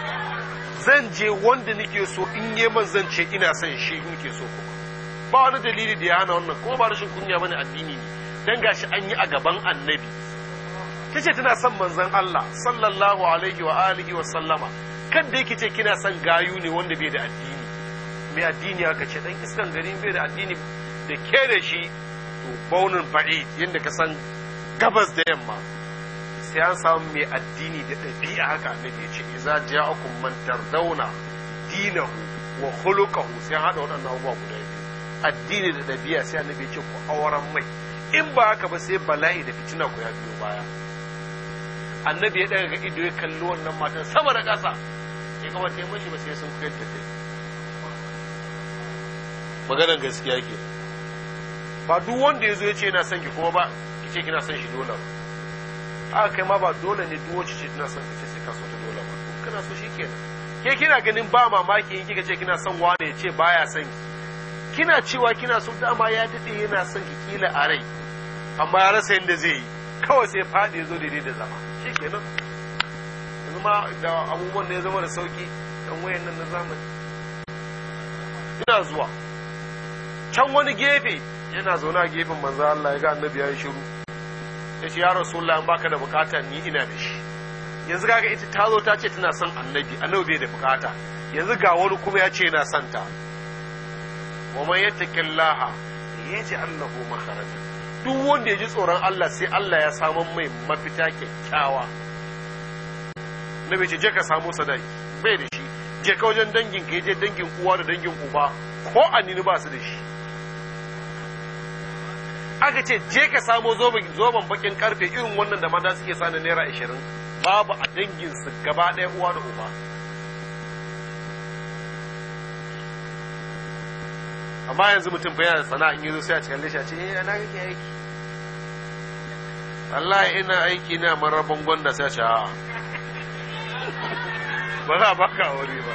zan je wanda nake so in yi man zan ce ina son shi nake so kuma ba wani dalili da ya hana wannan kuma ba rashin kunya bane addini ne dan gashi an yi a gaban annabi tace tana son manzon Allah sallallahu alaihi wa alihi wa sallama kan da yake ce kina son gayu ne wanda bai da addini mai addini aka ce dan iskan gari bai da addini da ke da shi to baunin ba'i yadda ka san gabas da yamma sai an samu mai addini da ɗabi'a haka annabi ya ce iza ja'akum man tardawna dinahu wa khuluquhu sai hada waɗannan abubuwa guda biyu addini da dabi'a sai annabi ce ku auren mai in ba haka ba sai bala'i da fitina ku ya biyo baya annabi ya daga ido ya kalli wannan matan sama da ƙasa ya kama ta mashi ba sai sun kuyar da kai maganar gaskiya ke ba duk wanda ya zo ya ce yana son ki kuma ba ki ce kina son shi dole ba haka kai ma ba dole ne duk wacce ce tana son ki ce kana so kenan ke kina ganin ba mamaki in kika ce kina son wane ya ce baya son ki kina cewa kina so dama ya dade yana son ki kila a rai amma ya rasa yadda zai yi kawai sai fadi ya zo daidai da zama shikenan yanzu ma da abubuwan da ya zama da sauki dan wayan nan na zamani ina zuwa can wani gefe yana zaune a gefen manzo Allah ya ga annabi ya yi shiru ya ce ya rasulullah in baka da bukata ni ina da shi yanzu kaga ita ta zo ta ce tana son annabi annabi bai da bukata yanzu ga wani kuma ya ce yana son ta wa man ya ji annahu makharaja duk wanda ya ji tsoron Allah sai Allah ya samu mai mafita kyakkyawa nabi ce je ka samu sadaki bai da shi je ka wajen dangin ka je dangin uwa da dangin uba ko annini ba su da shi aka ce je ka samo zoben bakin karfe irin wannan da mata suke sani naira ashirin babu a danginsu gaba ɗaya uwa da uba amma yanzu mutum bai yana da sana'a in yazo sai a cikin lishe a ce eh ana kake aiki wallahi ina aiki na marabon gwanda sai a ce a'a ba za a baka aure ba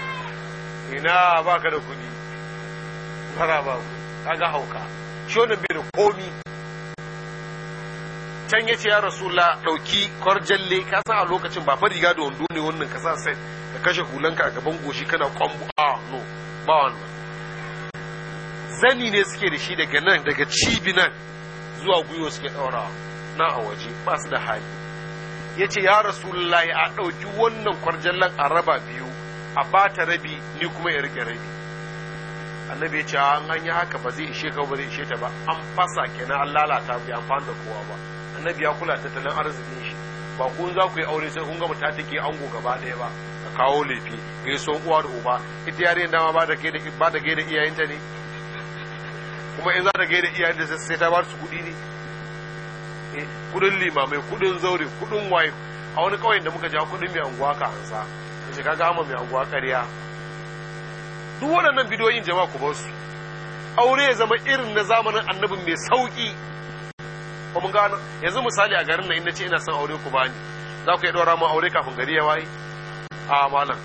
ina baka da kuɗi ba za ba ga hauka shi wani bai da komi can ya ce ya rasula ɗauki kwarjalle ka san a lokacin ba riga da wando ne wannan ka sa sai ka kashe hulanka a gaban goshi kana kwambu a no ba wannan zani ne suke da shi daga nan daga cibi nan zuwa gwiwa suke ɗaura na a waje ba su da hali ya ce ya rasulullah a ɗauki wannan kwarjallan a raba biyu a ba ta rabi ni kuma ya rike rabi annabi ya ce an yi haka ba zai ishe ka ba zai ishe ta ba an fasa kenan an lalata bai amfani da kowa ba annabi ya kula tattalin arzikin shi ba ku za ku yi aure sai kun gama ta take ango gaba ɗaya ba ka kawo ga so uwa da uba ita yare dama ba da ke ba da ke da iyayenta ne kuma in za ta gaida iyayenta sai ta ba su kuɗi ne eh, kudin limamai kudin zaure kudin waye a wani kawai da muka ja kudin mai anguwa ka ansa Ka shiga gama mai anguwa ƙarya duk waɗannan bidiyoyin jama'a ku bar su aure ya zama irin na zamanin annabin mai sauƙi ko mun gano yanzu misali a garin nan inda ce ina son aure ku bani za ku iya ɗora mu aure kafin gari ya waye a malam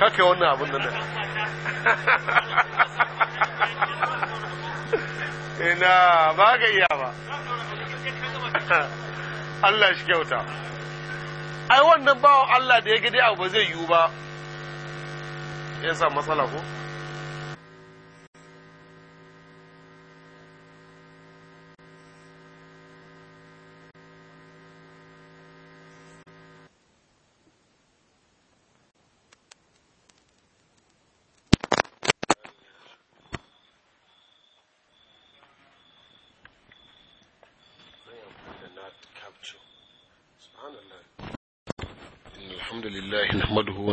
kake wannan abin nan (laughs) ina ba ga iya ba (laughs) Allah shi kyauta ai wannan bawan Allah da ya gidi abu ba zai yiwu ba ya sa matsala ko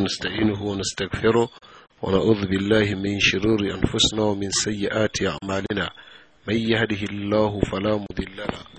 ونستعينه ونستغفره ونعوذ بالله من شرور أنفسنا ومن سيئات أعمالنا من يهده الله فلا مضل له